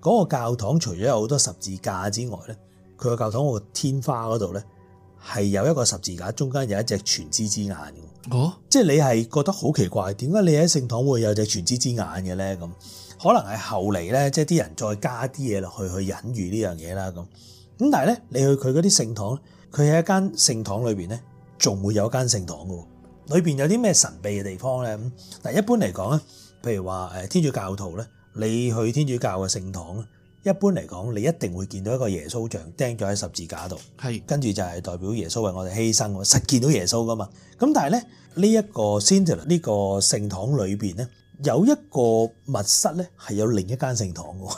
嗰個教堂除咗有好多十字架之外咧，佢個教堂個天花嗰度咧係有一個十字架，中間有一隻全知之眼。哦、啊，即係你係覺得好奇怪，點解你喺聖堂會有一隻全知之眼嘅咧？咁可能係後嚟咧，即係啲人再加啲嘢落去去隱喻呢樣嘢啦。咁咁但係咧，你去佢嗰啲聖堂。佢喺一間聖堂裏邊咧，仲會有一間聖堂噶喎。裏邊有啲咩神秘嘅地方咧？嗱，一般嚟講咧，譬如話誒天主教徒咧，你去天主教嘅聖堂咧，一般嚟講你一定會見到一個耶穌像釘咗喺十字架度，係跟住就係代表耶穌為我哋犧牲喎，實見到耶穌噶嘛。咁但係咧呢一個 Saint，呢個聖堂裏邊咧有一個密室咧係有另一間聖堂噶喎，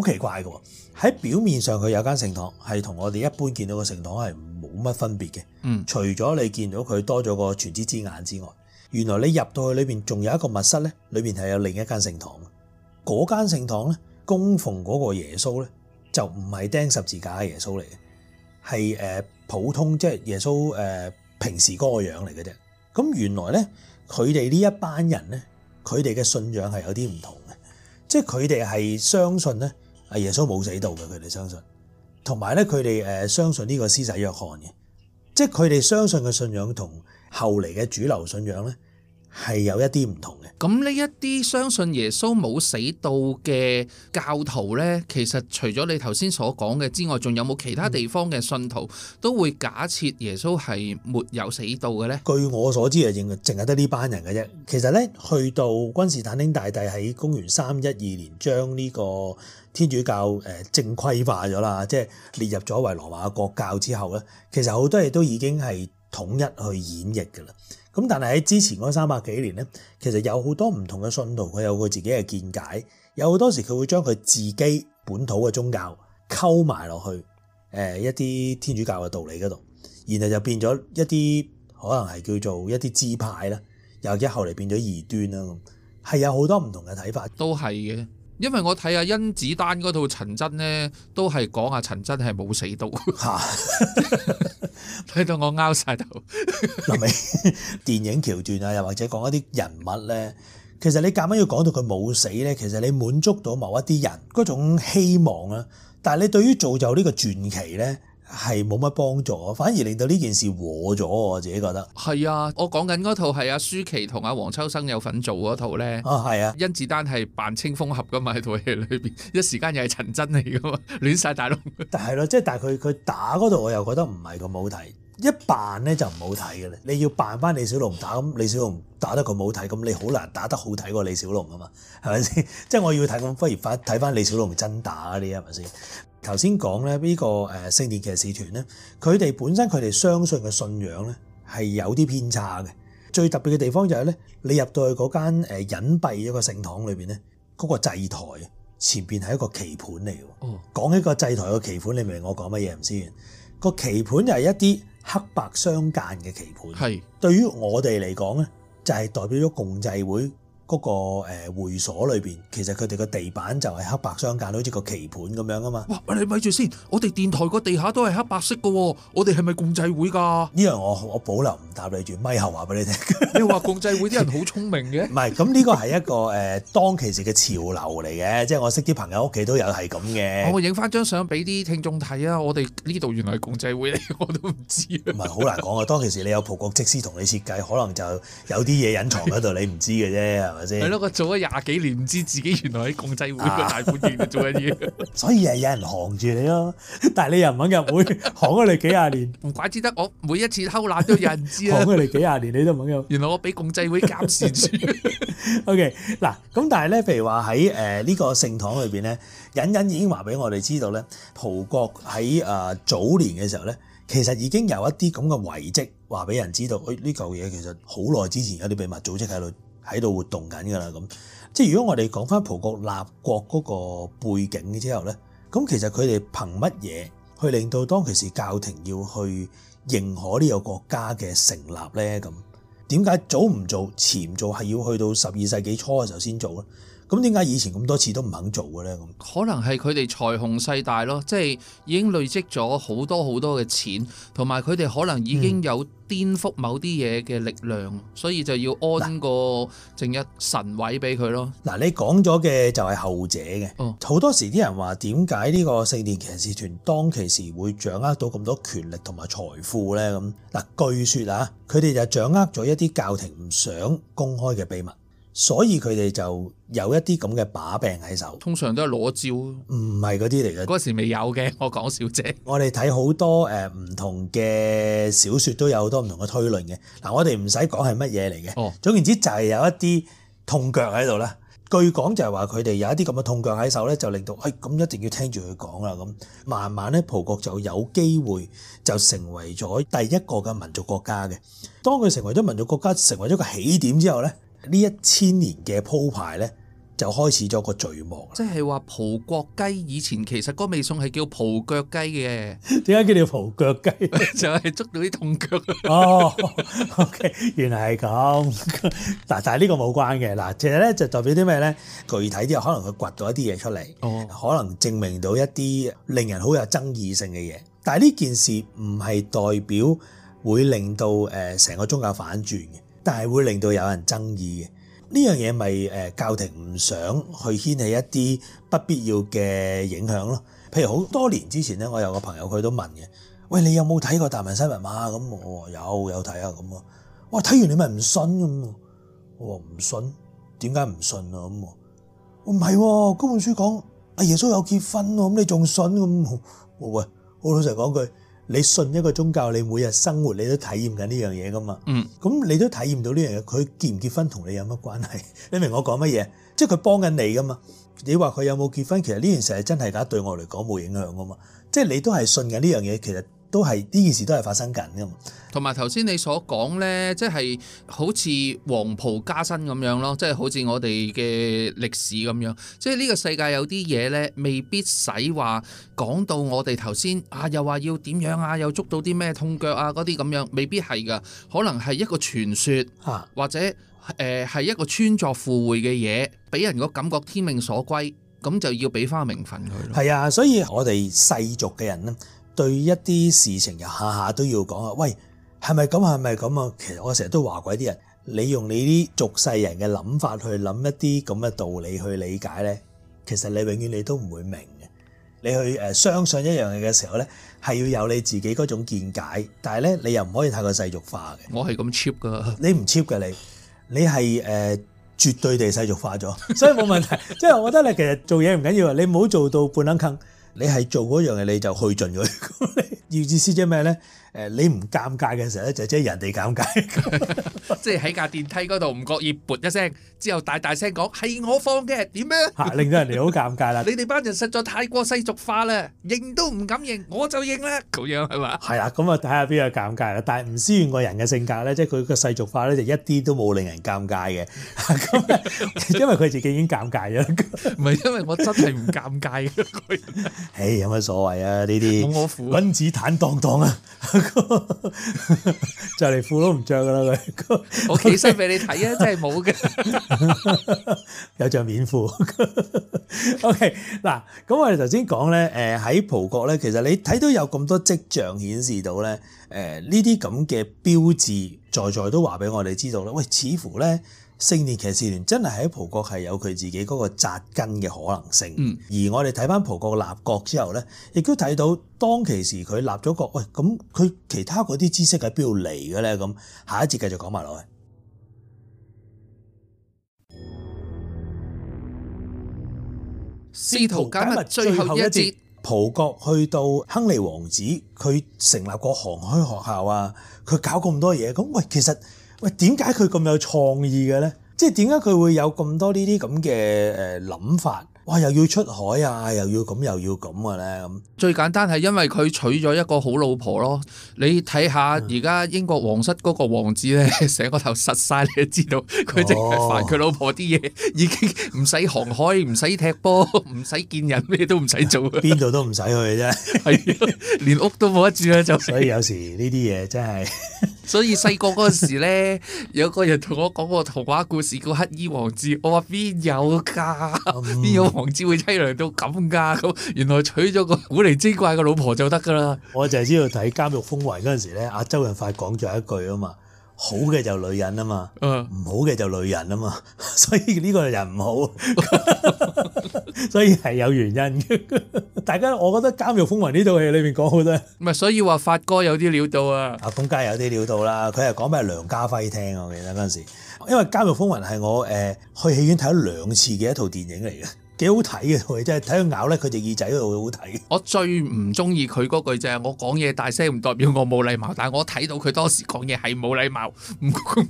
好奇怪噶喎。喺表面上佢有一間聖堂，係同我哋一般見到嘅聖堂係冇乜分別嘅。嗯，除咗你見到佢多咗個全知之眼之外，原來你入到去裏邊仲有一個密室咧，裏邊係有另一間聖堂。嗰間聖堂咧，供奉嗰個耶穌咧，就唔係釘十字架嘅耶穌嚟嘅，係誒普通即係耶穌誒平時嗰個樣嚟嘅啫。咁原來咧，佢哋呢一班人咧，佢哋嘅信仰係有啲唔同嘅，即係佢哋係相信咧。阿耶穌冇死到嘅，佢哋相信，同埋呢，佢哋相信呢個施洗約翰嘅，即係佢哋相信嘅信仰同後嚟嘅主流信仰呢。係有一啲唔同嘅。咁呢一啲相信耶穌冇死到嘅教徒呢，其實除咗你頭先所講嘅之外，仲有冇其他地方嘅信徒都會假設耶穌係沒有死到嘅呢？據我所知係淨淨係得呢班人嘅啫。其實呢，去到君士坦丁大帝喺公元三一二年將呢個天主教、呃、正規化咗啦，即係列入咗為羅馬國教之後呢，其實好多嘢都已經係統一去演繹㗎啦。咁但係喺之前嗰三百幾年咧，其實有好多唔同嘅信徒，佢有佢自己嘅見解，有好多時佢會將佢自己本土嘅宗教溝埋落去，誒一啲天主教嘅道理嗰度，然後就變咗一啲可能係叫做一啲支派啦，又一後嚟變咗異端啦，咁係有好多唔同嘅睇法，都係嘅。因為我睇阿甄子丹嗰套《陳真》咧，都係講阿陳真係冇死到，睇到我拗晒頭。林尾，電影橋段啊，又或者講一啲人物咧，其實你夾硬要講到佢冇死咧，其實你滿足到某一啲人嗰種希望啊。但係你對於造就呢個傳奇咧，係冇乜幫助，反而令到呢件事和咗。我自己覺得係啊，我講緊嗰套係阿舒淇同阿黃秋生有份做嗰套咧。哦、係啊，係啊，甄子丹係扮青蜂俠噶嘛，喺套戲裏面，一時間又係陳真嚟噶嘛，亂晒大龍。但係咯，即係但佢佢打嗰度我又覺得唔係咁好睇，一扮咧就唔好睇嘅喇。你要扮翻李小龍打，咁李小龍打得佢好睇，咁你好難打得好睇過李小龍啊嘛，係咪先？即 [LAUGHS] 係我要睇咁，不如翻睇翻李小龍真打啲，係咪先？頭先講咧呢個誒聖殿騎士團咧，佢哋本身佢哋相信嘅信仰咧係有啲偏差嘅。最特別嘅地方就係咧，你入到去嗰間誒隱蔽一個聖堂裏邊咧，嗰個祭台前邊係一個棋盤嚟嘅。哦，講起個祭台嘅棋盤，你明我講乜嘢唔先？個棋盤就係一啲黑白相間嘅棋盤。係，對於我哋嚟講咧，就係代表咗共濟會。嗰個誒會所裏邊，其實佢哋個地板就係黑白相間，好似個棋盤咁樣啊嘛！哇，你咪住先，我哋電台個地下都係黑白色嘅喎，我哋係咪共濟會㗎？呢樣我我保留唔答你住，咪後話俾你聽。你話共濟會啲人好聰明嘅，唔係咁，呢個係一個誒當其時嘅潮流嚟嘅，即 [LAUGHS] 係我識啲朋友屋企都有係咁嘅。我會影翻張相俾啲聽眾睇啊！我哋呢度原來係共濟會嚟，我都唔知。唔係，好難講啊，當其時你有葡國則師同你設計，可能就有啲嘢隱藏喺度，你唔知嘅啫。是係咯，佢做咗廿幾年，唔知自己原來喺共濟會大本營做一啲嘢， [LAUGHS] 所以係有人行住你咯。但係你又唔肯入會， [LAUGHS] 行咗嚟幾廿年，唔怪之得我每一次偷懶都有人知啦。 [LAUGHS] 行咗幾廿年，你都唔肯入。原來我俾共濟會監視住。 [LAUGHS] OK，嗱咁，但係咧，譬如話喺誒呢個聖堂裏邊咧，隱隱已經話俾我哋知道咧，葡國喺誒早年嘅時候咧，其實已經有一啲咁嘅遺跡話俾人知道，誒呢嚿嘢其實好耐之前有啲秘密組織喺度。喺度活動緊㗎啦，咁即係如果我哋講翻葡國立國嗰個背景之後咧，咁其實佢哋憑乜嘢去令到當其時教廷要去認可呢個國家嘅成立咧？咁點解早唔做，前做係要去到十二世紀初嘅時候先做咧？咁點解以前咁多次都唔肯做嘅咧？咁可能係佢哋財雄勢大咯，即係已經累積咗好多好多嘅錢，同埋佢哋可能已經有顛覆某啲嘢嘅力量、嗯，所以就要安個正一神位俾佢咯。嗱，你講咗嘅就係後者嘅。好、嗯、多時啲人話點解呢個聖殿騎士團當其時會掌握到咁多權力同埋財富呢？咁嗱，據說啊，佢哋就掌握咗一啲教廷唔想公開嘅秘密。所以佢哋就有一啲咁嘅把柄喺手，通常都係裸照，唔係嗰啲嚟嘅。嗰時未有嘅，我講笑啫。我哋睇好多誒唔同嘅小說，都有好多唔同嘅推論嘅。嗱，我哋唔使講係乜嘢嚟嘅。哦，總言之就係有一啲痛腳喺度咧。據講就係話佢哋有一啲咁嘅痛腳喺手咧，就令到誒咁一定要聽住佢講啦。咁慢慢咧，葡國就有機會就成為咗第一個嘅民族國家嘅。當佢成為咗民族國家，成為咗個起點之後咧。呢一千年嘅鋪排咧，就開始咗個序幕。即係話葡國雞以前其實個味餸係叫葡腳雞嘅。點解叫條葡腳雞？就係、是、捉到啲痛腳。哦 [LAUGHS] ，OK，原來係咁。嗱，但係呢個冇關嘅。嗱，其實咧就代表啲咩咧？具體啲可能佢掘咗一啲嘢出嚟，哦、可能證明到一啲令人好有爭議性嘅嘢。但係呢件事唔係代表會令到誒成、呃、個宗教反轉嘅。但係會令到有人爭議嘅，呢樣嘢咪誒教廷唔想去掀起一啲不必要嘅影響咯。譬如好多年之前咧，我有個朋友佢都問嘅，喂，你有冇睇過達文西密碼咁？我有有睇啊咁啊。哇，睇完你咪唔信咁？我話唔信，點解唔信我啊咁？唔係根本書講阿耶穌有結婚咯，咁你仲信咁？我話好老實講句。你信一個宗教，你每日生活你都體驗緊呢樣嘢㗎嘛。嗯，咁你都體驗到呢樣嘢，佢結唔結婚同你有乜關係？你明我講乜嘢？即係佢幫緊你㗎嘛。你話佢有冇結婚，其實呢件事係真係假，對我嚟講冇影響㗎嘛。即係你都係信緊呢樣嘢，其實。都係呢件事都係發生緊噶嘛，同埋頭先你所講呢，即係好似黃袍加身咁樣咯，即係好似我哋嘅歷史咁樣，即係呢個世界有啲嘢呢，未必使話講到我哋頭先啊，又話要點樣啊，又捉到啲咩痛腳啊，嗰啲咁樣，未必係噶，可能係一個傳說啊，或者誒係一個穿鑿附會嘅嘢，俾人個感覺天命所歸，咁就要俾翻名分佢咯，係啊，所以我哋世俗嘅人呢對一啲事情又下下都要講啊！喂，係咪咁？係咪咁啊？其實我成日都話鬼啲人，你用你啲俗世人嘅諗法去諗一啲咁嘅道理去理解咧，其實你永遠你都唔會明嘅。你去誒相信一樣嘢嘅時候咧，係要有你自己嗰種見解，但係咧你又唔可以太過世俗化嘅。我係咁 cheap 噶，你唔 cheap 嘅你，你係誒、呃、絕對地世俗化咗，所以冇問題。 [LAUGHS] 即係我覺得你其實做嘢唔緊要，你唔好做到半撚坑。你係做嗰樣嘢，你就去盡佢。你要意思即係咩咧？誒你唔尷尬嘅時候咧，就即係人哋尷尬，即係喺架電梯嗰度唔覺意撥一聲，之後大大聲講係我放嘅，點咩？嚇、啊、令到人哋好尷尬啦！ [LAUGHS] 你哋班人實在太過世俗化啦，認都唔敢認，我就認啦，咁樣係嘛？係啊，咁啊睇下邊個尷尬啦。但係吳思遠個人嘅性格咧，即係佢個世俗化咧，就一啲都冇令人尷尬嘅， [LAUGHS] 因為佢自己已經尷尬咗。唔 [LAUGHS] 係因為我真係唔尷尬嘅，誒有乜所謂啊？呢啲君子坦蕩蕩啊！就嚟褲都唔着噶啦， [LAUGHS] 我企身俾你睇啊，真係冇㗎，有着棉褲。OK，嗱，咁我哋頭先講咧，誒喺葡國咧，其實你睇到有咁多跡象顯示到咧，誒呢啲咁嘅標誌在在都話俾我哋知道咧，喂，似乎咧。聖殿騎士團真係喺葡國係有佢自己嗰個扎根嘅可能性，而我哋睇翻葡國嘅立國之後咧，亦都睇到當其時佢立咗國，喂，咁佢其他嗰啲知識喺邊度嚟嘅咧？咁下一節繼續講埋落去。試圖今日最後一節，葡國去到亨利王子，佢成立個航海學校啊，佢搞咁多嘢，咁喂，其實。喂，點解佢咁有創意嘅咧？即係點解佢會有咁多呢啲咁嘅誒諗法？哇！又要出海啊，又要咁又要咁嘅咧。最簡單係因為佢娶咗一個好老婆咯。你睇下而家英國皇室嗰個王子咧，成、嗯、 [LAUGHS] 個頭實晒，你就知道佢淨係煩佢老婆啲嘢、哦，已經唔使航海，唔 [LAUGHS] 使踢波，唔使見人，咩都唔使做。邊度都唔使去啫，係 [LAUGHS] 連屋都冇得住啊！就 [LAUGHS] 所以有時呢啲嘢真係。所以細個嗰時咧， [LAUGHS] 有個人同我講過童話故事，叫、那個「黑衣王子」，我話邊有噶？邊、嗯、有？王子會凄涼到咁噶，咁原來娶咗個古靈精怪嘅老婆就得噶啦。我就係知道睇《監獄風雲》嗰陣時咧，阿周潤發講咗一句啊嘛，好嘅就女人啊嘛，嗯、唔好嘅就女人啊嘛，所以呢個人唔好， [LAUGHS] [LAUGHS] 所以係有原因嘅。大家我覺得《監獄風雲》呢套戲裏面講好多，唔係所以話發哥有啲料到啊，阿風家有啲料到啦，佢係講俾梁家輝聽。我記得嗰陣時，因為《監獄風雲》係我誒去戲院睇咗兩次嘅一套電影嚟嘅。幾好睇嘅，佢真係睇佢咬咧，佢隻耳仔嗰度好睇、就是。我最唔中意佢嗰句就係我講嘢大聲，唔代表我冇禮貌。但係我睇到佢當時講嘢係冇禮貌，唔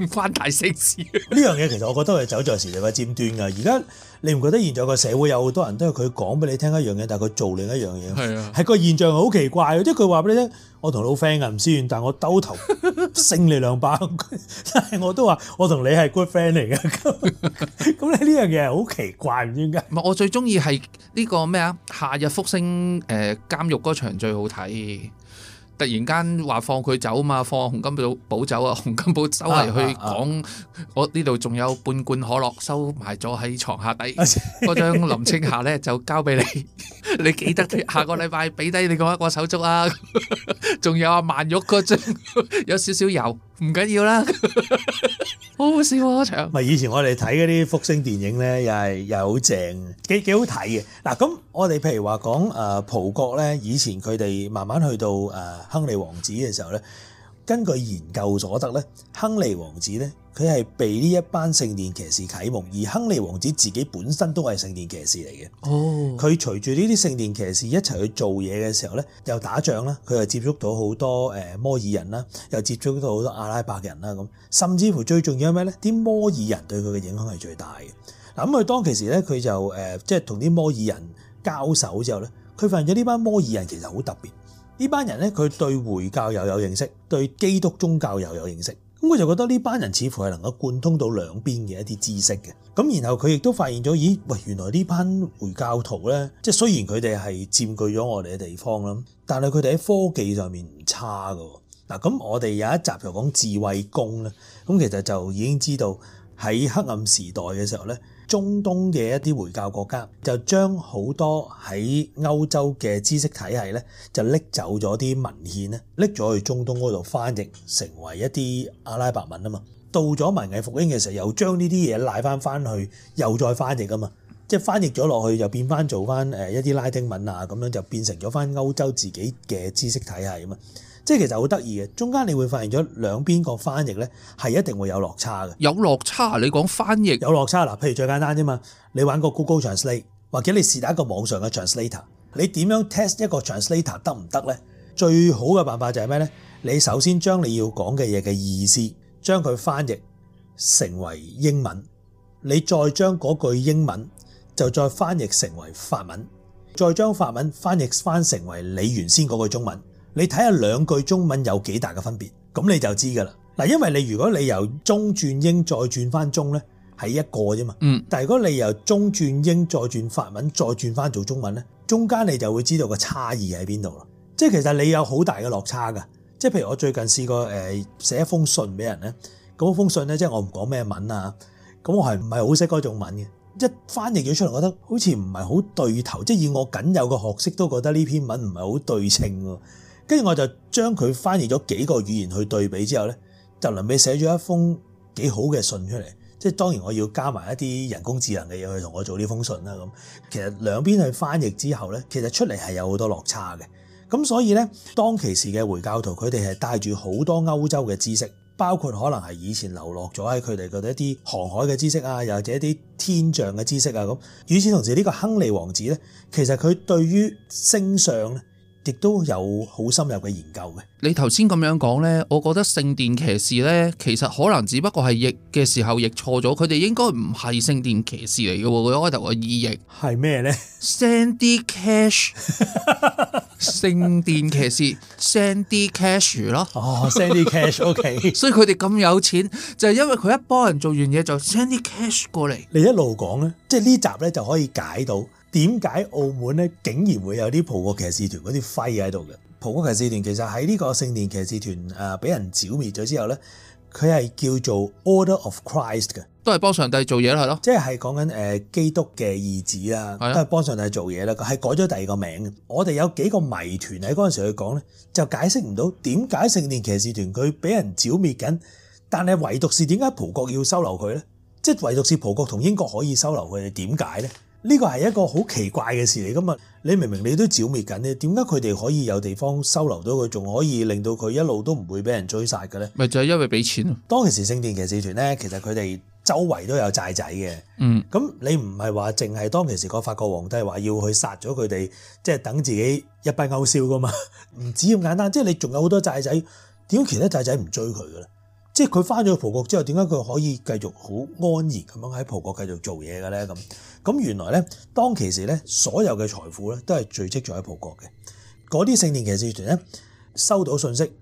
關大聲事。呢樣嘢其實我覺得係走在時代尖端㗎。而家。你唔覺得現在個社會有好多人都係佢講俾你聽一樣嘢，但係佢做另一樣嘢，係個現象好奇怪。即係佢話俾你聽，我同老 friend 啊唔算，但係我兜頭勝你兩把，但 [LAUGHS] 係 [LAUGHS] 我都話我同你係 good friend 嚟嘅。咁你呢樣嘢好奇怪唔知點解。唔 [LAUGHS] 我最中意係呢個咩啊？夏日福星誒監獄嗰場最好睇。突然間話放佢走啊嘛，放洪金寶走啊！洪金寶收嚟去講，我呢度仲有半罐可樂收埋咗喺牀下底。嗰張林青霞咧就交俾你，你記得下個禮拜俾低你個一個手足啊！仲有阿曼玉嗰張有少少油，唔緊要啦，好好笑啊場。咪以前我哋睇嗰啲福星電影咧，又係又係好正，幾幾好睇嘅。嗱咁我哋譬如話講誒葡國咧，以前佢哋慢慢去到誒。亨利王子嘅時候咧，根據研究所得咧，亨利王子咧佢係被呢一班聖殿騎士啟蒙，而亨利王子自己本身都係聖殿騎士嚟嘅。哦，佢隨住呢啲聖殿騎士一齊去做嘢嘅時候咧，又打仗啦，佢又接觸到好多誒摩爾人啦，又接觸到好多阿拉伯人啦，咁甚至乎最重要係咩咧？啲摩爾人對佢嘅影響係最大嘅。嗱，咁佢當其時咧，佢就誒即係同啲摩爾人交手之後咧，佢發現咗呢班摩爾人其實好特別。呢班人咧，佢對回教又有認識，對基督宗教又有認識。咁我就覺得呢班人似乎係能夠貫通到兩邊嘅一啲知識嘅。咁然後佢亦都發現咗，咦喂，原來呢班回教徒咧，即係雖然佢哋係佔據咗我哋嘅地方啦，但係佢哋喺科技上面唔差㗎嗱。咁我哋有一集又講智慧宮咧，咁其實就已經知道喺黑暗時代嘅時候咧。中東嘅一啲回教國家就將好多喺歐洲嘅知識體系咧，就拎走咗啲文獻咧，拎咗去中東嗰度翻譯成為一啲阿拉伯文啊嘛。到咗文藝復興嘅時候，又將呢啲嘢拉返返去，又再翻譯噶嘛，即係翻譯咗落去又變返做返誒一啲拉丁文啊，咁樣就變成咗返歐洲自己嘅知識體系啊嘛。即係其實好得意嘅，中間你會發現咗兩邊個翻譯咧係一定會有落差嘅。有落差，你講翻譯有落差啦。譬如最簡單啫嘛，你玩個 Google Translate 或者你試打一個網上嘅 translator，你點樣 test 一個 translator 得唔得咧？最好嘅辦法就係咩咧？你首先將你要講嘅嘢嘅意思，將佢翻譯成為英文，你再將嗰句英文就再翻譯成為法文，再將法文翻譯翻成為你原先嗰句中文。你睇下兩句中文有幾大嘅分別，咁你就知噶啦。嗱，因為你如果你由中轉英再轉翻中咧，係一個啫嘛。嗯。但係如果你由中轉英再轉法文再轉翻做中文咧，中間你就會知道個差異喺邊度咯。即係其實你有好大嘅落差㗎。即係譬如我最近試過誒寫一封信俾人咧，嗰封信咧即係我唔講咩文啊，咁我係唔係好識嗰種文嘅？一翻譯咗出嚟，我覺得好似唔係好對頭，即係以我僅有嘅學識都覺得呢篇文唔係好對稱喎。跟住我就將佢翻譯咗幾個語言去對比之後咧，就臨尾寫咗一封幾好嘅信出嚟。即係當然我要加埋一啲人工智能嘅嘢去同我做呢封信啦。咁其實兩邊去翻譯之後咧，其實出嚟係有好多落差嘅。咁所以咧，當其時嘅回教徒佢哋係帶住好多歐洲嘅知識，包括可能係以前流落咗喺佢哋嘅一啲航海嘅知識啊，又或者一啲天象嘅知識啊。咁與此同時，呢個亨利王子咧，其實佢對於星象咧，亦都有好深入嘅研究嘅。你頭先咁樣講咧，我覺得聖殿騎士咧，其實可能只不過係譯嘅時候譯錯咗，佢哋應該唔係聖殿騎士嚟嘅。佢開頭嘅意譯係咩咧？Sandy Cash，聖殿騎士 Sandy Cash 咯。哦，Sandy Cash，OK。所以佢哋咁有錢，就係因為佢一幫人做完嘢就 Sandy Cash 過嚟。你一路講咧，即係呢集咧就可以解到。點解澳門咧竟然會有啲葡國騎士團嗰啲徽喺度嘅？葡國騎士團其實喺呢個聖殿騎士團誒俾人剿滅咗之後咧，佢係叫做 Order of Christ 嘅，都係幫上帝做嘢啦，係咯。即係講緊誒基督嘅意志啊，都係幫上帝做嘢啦。佢係改咗第二個名嘅。我哋有幾個迷團喺嗰陣時去講咧，就解釋唔到點解聖殿騎士團佢俾人剿滅緊，但係唯獨是點解葡國要收留佢咧？即係唯獨是葡國同英國可以收留佢，點解咧？呢個係一個好奇怪嘅事嚟噶嘛？你明明你都剿滅緊咧，點解佢哋可以有地方收留到佢，仲可以令到佢一路都唔會俾人追殺嘅咧？咪就係、是、因為俾錢咯。當其時聖殿騎士團咧，其實佢哋周圍都有債仔嘅。嗯，咁你唔係話淨係當其時個法國皇帝話要去殺咗佢哋，即係等自己一筆勾銷噶嘛？唔止咁簡單，即係你仲有好多債仔，點其他債仔唔追佢嘅咧？即係佢翻咗去葡國之後，點解佢可以繼續好安逸咁樣喺葡國繼續做嘢嘅咧？咁咁原來咧，當其時咧，所有嘅財富咧都係聚積咗喺葡國嘅。嗰啲聖殿騎士團咧收到信息，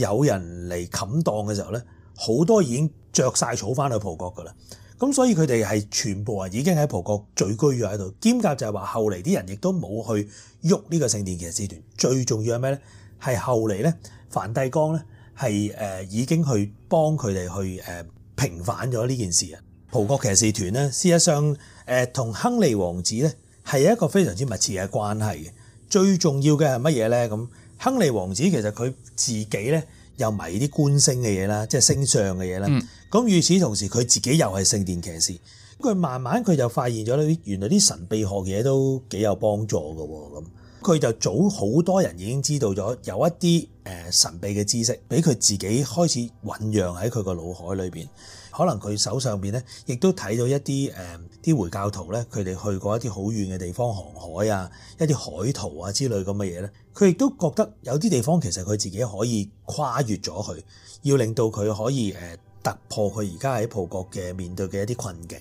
有人嚟冚檔嘅時候咧，好多已經着晒草翻去葡國噶啦。咁所以佢哋係全部啊已經喺葡國聚居咗喺度。兼夾就係話後嚟啲人亦都冇去喐呢個聖殿騎士團。最重要係咩咧？係後嚟咧，梵蒂岡咧。係誒已經去幫佢哋去誒平反咗呢件事啊！葡國騎士團咧，事實上誒同、呃、亨利王子咧係一個非常之密切嘅關係嘅。最重要嘅係乜嘢咧？咁亨利王子其實佢自己咧又迷啲觀星嘅嘢啦，即係星象嘅嘢啦。咁、嗯、與此同時，佢自己又係聖殿騎士。佢慢慢佢就發現咗原來啲神秘學嘅嘢都幾有幫助噶喎咁。佢就早好多人已經知道咗有一啲誒神秘嘅知識，俾佢自己開始醖釀喺佢個腦海裏面。可能佢手上邊咧，亦都睇到一啲誒啲回教徒咧，佢哋去過一啲好遠嘅地方航海啊，一啲海圖啊之類咁嘅嘢咧，佢亦都覺得有啲地方其實佢自己可以跨越咗佢要令到佢可以誒。突破佢而家喺葡國嘅面對嘅一啲困境，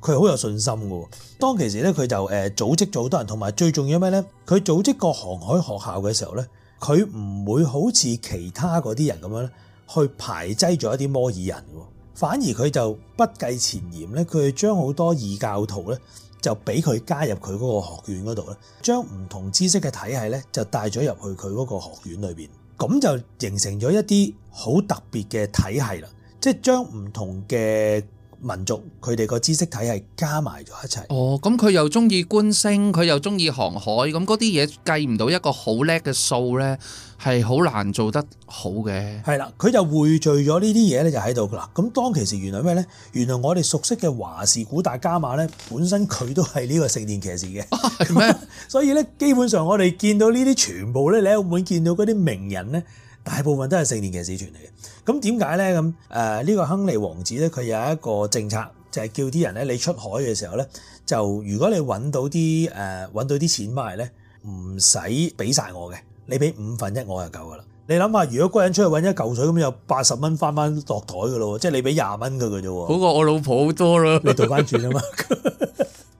佢好有信心嘅。當其時咧，佢就誒組織咗好多人，同埋最重要咩咧？佢組織過航海學校嘅時候咧，佢唔會好似其他嗰啲人咁樣咧，去排擠咗一啲摩爾人嘅。反而佢就不計前嫌咧，佢將好多異教徒咧就俾佢加入佢嗰個學院嗰度咧，將唔同知識嘅體系咧就帶咗入去佢嗰個學院裏邊，咁就形成咗一啲好特別嘅體系啦。即係將唔同嘅民族佢哋個知識體系加埋咗一齊。哦，咁佢又中意觀星，佢又中意航海，咁嗰啲嘢計唔到一個好叻嘅數咧，係好難做得好嘅。係啦，佢就匯聚咗呢啲嘢咧，就喺度啦。咁當其時原來咩咧？原來我哋熟悉嘅華士古達加馬咧，本身佢都係呢個聖殿騎士嘅。係、啊、咩？ [LAUGHS] 所以咧，基本上我哋見到呢啲全部咧，你會唔會見到嗰啲名人咧？大部分都係四年嘅騎士團嚟嘅，咁點解咧？咁誒呢個亨利王子咧，佢有一個政策，就係叫啲人咧，你出海嘅時候咧，就如果你揾到啲誒揾到啲錢買咧，唔使俾晒我嘅，你俾五分一我就夠噶啦。你諗下，如果個人出去揾一嚿水咁，有八十蚊翻翻落袋噶咯喎，即係你俾廿蚊嘅嘅啫。嗰個我老婆好多喇，你倒翻轉啊嘛。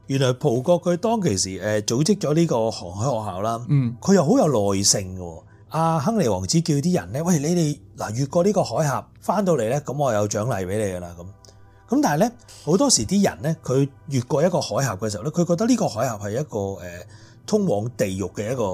原來葡國佢當其時誒組織咗呢個航海學校啦，嗯，佢又好有耐性嘅。阿、啊、亨利王子叫啲人咧，喂，你哋嗱越過呢個海峽翻到嚟咧，咁我有獎勵俾你㗎喇咁。咁但係咧，好多時啲人咧，佢越過一個海峽嘅時候咧，佢覺得呢個海峽係一個誒、呃、通往地獄嘅一個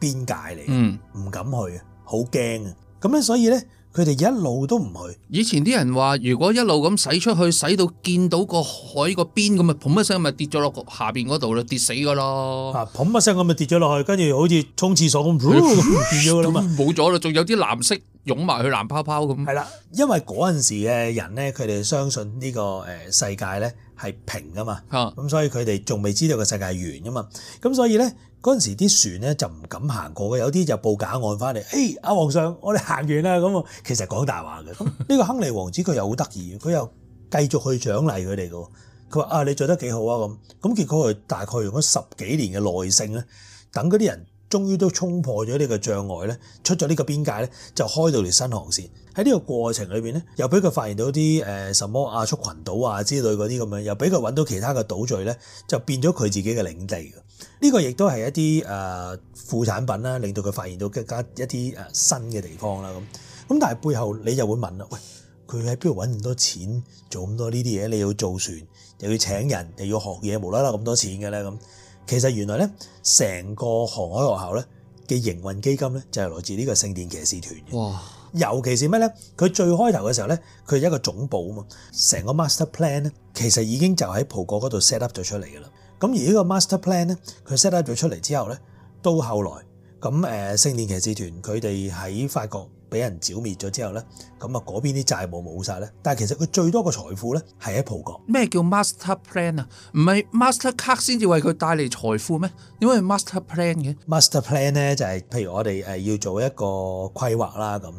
邊界嚟，唔敢去，好驚啊！咁咧，所以咧。佢哋一路都唔去。以前啲人話，如果一路咁使出去，使到見到個海個邊咁咪砰一聲咁跌咗落個下面嗰度啦，跌死㗎咯。啊，砰一聲咁啊跌咗落去，跟住好似沖廁所咁，冇咗啦，仲有啲藍色湧埋去藍泡泡咁。係啦，因為嗰陣時嘅人咧，佢哋相信呢個世界咧係平㗎嘛，咁所以佢哋仲未知道個世界係圓噶嘛，咁所以咧。嗰陣時啲船咧就唔敢行過嘅，有啲就報假案翻嚟，誒阿皇上，我哋行完啦咁啊，其實講大話嘅。呢 [LAUGHS] 個亨利王子佢又好得意，佢又繼續去獎勵佢哋喎。佢話啊，你做得幾好啊咁，咁結果佢大概用咗十幾年嘅耐性咧，等嗰啲人終於都衝破咗呢個障礙咧，出咗呢個邊界咧，就開到條新航線。喺呢個過程裏面，咧，又俾佢發現到啲誒什麼亞速、啊、群島啊之類嗰啲咁樣，又俾佢揾到其他嘅島嶼咧，就變咗佢自己嘅領地呢、這個亦都係一啲誒副產品啦，令到佢發現到更加一啲誒新嘅地方啦咁。咁但係背後你又會問啦，喂，佢喺邊度揾咁多錢做咁多呢啲嘢？你要造船，又要請人，又要學嘢，無啦啦咁多錢嘅咧咁。其實原來咧，成個航海學校咧嘅營運基金咧就係來自呢個聖殿騎士團嘅。哇！尤其是咩咧？佢最開頭嘅時候咧，佢係一個總部啊嘛，成個 master plan 咧，其實已經就喺葡國嗰度 set up 咗出嚟嘅啦。咁而呢個 master plan 咧，佢 set up 咗出嚟之後咧，到後來咁誒聖殿騎士團佢哋喺法國俾人剿滅咗之後咧，咁啊嗰邊啲債務冇晒咧，但係其實佢最多嘅財富咧係喺葡國。咩叫 master plan 啊？唔係 master card 先至為佢帶嚟財富咩？點解係 master plan 嘅？master plan 咧就係譬如我哋誒要做一個規劃啦，咁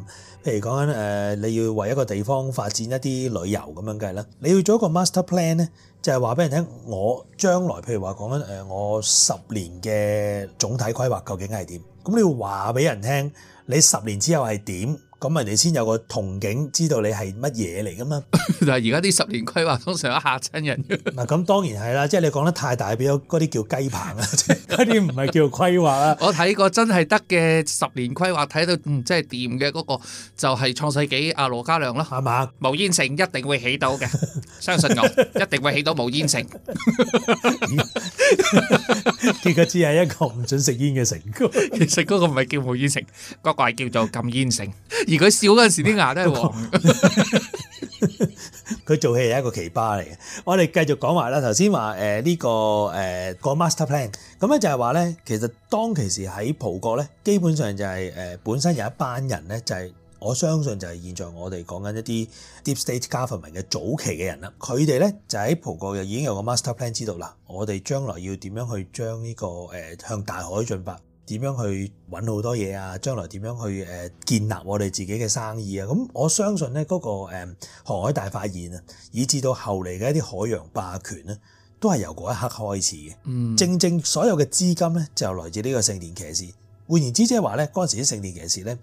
譬如講緊誒你要為一個地方發展一啲旅遊咁樣計啦，你要做一個 master plan 咧，就係話俾人聽我將來譬如話講緊誒我十年嘅總體規劃究竟係點？咁你要話俾人聽。你十年之後係點？咁咪你先有個憧憬知道你係乜嘢嚟噶嘛？但係而家啲十年規劃通常都嚇親人嘅。嗱咁當然係啦，即係你講得太大，俾咗嗰啲叫雞棚啦，即係嗰啲唔係叫規劃啦。我睇過真係得嘅十年規劃，睇到嗯，真係掂嘅嗰個就係創世紀阿羅嘉良咯。係嘛？無煙城一定會起到嘅，相信我，一定會起到無煙城。結果只係一個唔準食煙嘅城。其實嗰個唔係叫無煙城，嗰個係叫做禁煙城。而佢笑嗰陣時，啲牙都係黃。佢做戲係一個奇葩嚟嘅。我哋繼續講埋啦。頭先話呢個誒個 master plan，咁咧就係話咧，其實當其時喺葡國咧，基本上就係本身有一班人咧，就係我相信就係現在我哋講緊一啲 deep state government 嘅早期嘅人啦。佢哋咧就喺葡國又已經有個 master plan 知道啦。我哋將來要點樣去將呢個向大海進發？點樣去揾好多嘢啊？將來點樣去建立我哋自己嘅生意啊？咁我相信咧，嗰個航海大發現啊，以至到後嚟嘅一啲海洋霸權咧，都係由嗰一刻開始嘅。嗯，正正所有嘅資金咧就來自呢個聖殿騎士。換言之，即係話咧，嗰陣時啲聖殿騎士咧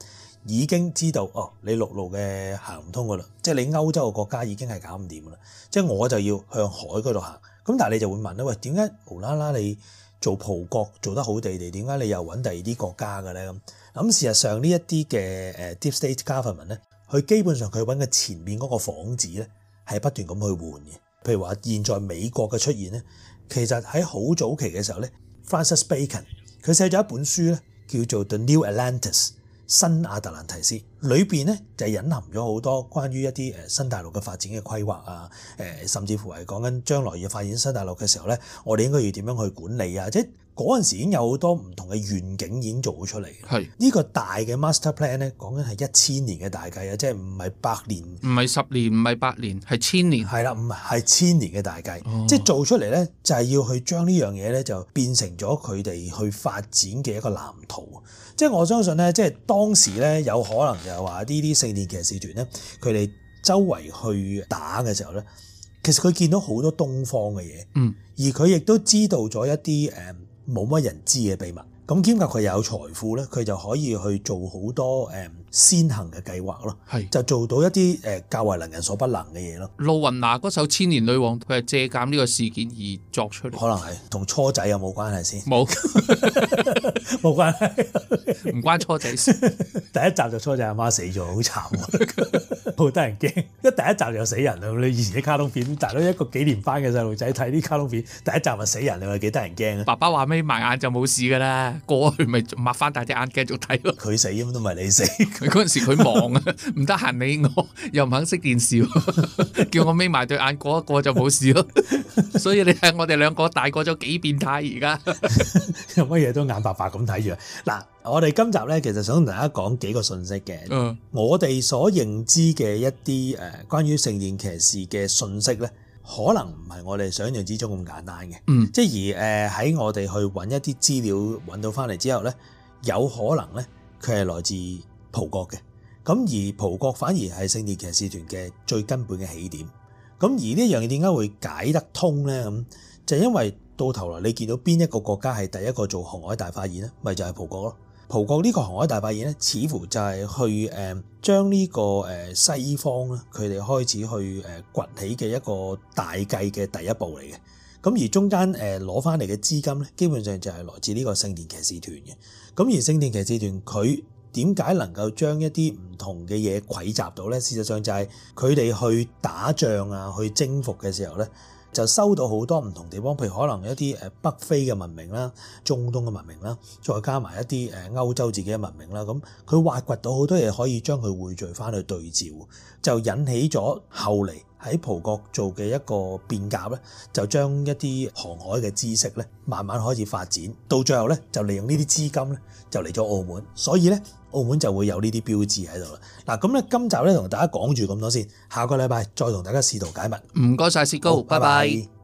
已經知道哦，你陸路嘅行唔通噶啦，即係你歐洲嘅國家已經係搞唔掂噶啦，即係我就要向海嗰度行。咁但係你就會問啦，喂，點解無啦啦你？做葡國做得好地地，點解你又揾第二啲國家嘅咧？咁咁事實上呢一啲嘅 Deep State Government 咧，佢基本上佢揾嘅前面嗰個房子咧，係不斷咁去換嘅。譬如話，現在美國嘅出現咧，其實喺好早期嘅時候咧，Francis Bacon 佢寫咗一本書咧，叫做《The New Atlantis》。新亞特蘭提斯裏邊呢就隱含咗好多關於一啲誒新大陸嘅發展嘅規劃啊，誒甚至乎係講緊將來要發展新大陸嘅時候呢，我哋應該要點樣去管理啊，即係。嗰陣時已經有好多唔同嘅願景已經做出嚟嘅，呢個大嘅 master plan 咧，講緊係一千年嘅大計啊，即係唔係百年，唔係十年，唔係百年，係千年，係啦，唔係係千年嘅大計，即係、哦、做出嚟咧，就係、是、要去將呢樣嘢咧，就變成咗佢哋去發展嘅一個藍圖。即係我相信咧，即係當時咧，有可能就係話呢啲聖殿騎士團咧，佢哋周圍去打嘅時候咧，其實佢見到好多東方嘅嘢，嗯，而佢亦都知道咗一啲冇乜人知嘅秘密，咁兼及佢又有財富咧，佢就可以去做好多誒。先行嘅計劃咯，係就做到一啲誒較為能人所不能嘅嘢咯。路雲娜嗰首《千年女王》，佢係借鑑呢個事件而作出嚟，可能係同初仔有冇關係先？冇，冇關係，唔 [LAUGHS] [LAUGHS] 關,係 [LAUGHS] 關初仔事。 [LAUGHS] 第一集就初仔阿媽死咗，好慘，好得人驚。一第一集就死人啦，你以前啲卡通片，但係一個幾年班嘅細路仔睇啲卡通片，第一集話死人，你話幾得人驚咧？爸爸話眯埋眼就冇事噶啦，過去咪擘翻大隻眼繼續睇咯。佢死都唔都唔係你死的。嗰 [LAUGHS] 陣時佢忙啊，唔得閒理我又唔肯熄電視，叫我眯埋對眼過一過就冇事咯。所以你睇我哋兩個大個咗幾變態而家，乜 [LAUGHS] 嘢都眼白白咁睇住。嗱，我哋今集咧，其實想同大家講幾個信息嘅。嗯，我哋所認知嘅一啲誒，關於聖殿騎士嘅信息咧，可能唔係我哋想象之中咁簡單嘅。嗯，即係而誒喺我哋去搵一啲資料搵到翻嚟之後咧，有可能咧佢係來自。葡國嘅。咁，而葡國反而係聖殿騎士團嘅最根本嘅起點。咁而呢樣嘢點解會解得通呢？咁就因為到頭來你見到邊一個國家係第一個做航海大發現呢？咪就係、是、葡國咯。葡國呢個航海大發現呢，似乎就係去誒將呢個西方咧，佢哋開始去誒崛起嘅一個大計嘅第一步嚟嘅。咁而中間誒攞返嚟嘅資金咧，基本上就係來自呢個聖殿騎士團嘅。咁而聖殿騎士團佢。點解能夠將一啲唔同嘅嘢攏集到呢？事實上就係佢哋去打仗啊，去征服嘅時候呢，就收到好多唔同地方，譬如可能一啲誒北非嘅文明啦、中東嘅文明啦，再加埋一啲誒歐洲自己嘅文明啦，咁佢挖掘到好多嘢，可以將佢匯聚翻去對照，就引起咗後嚟，喺葡國做嘅一個變革咧，就將一啲航海嘅知識咧，慢慢開始發展，到最後咧就利用呢啲資金咧，就嚟咗澳門，所以咧澳門就會有呢啲標誌喺度啦。嗱，咁咧今集咧同大家講住咁多先，下個禮拜再同大家試圖解密。唔該晒，C 哥，拜拜。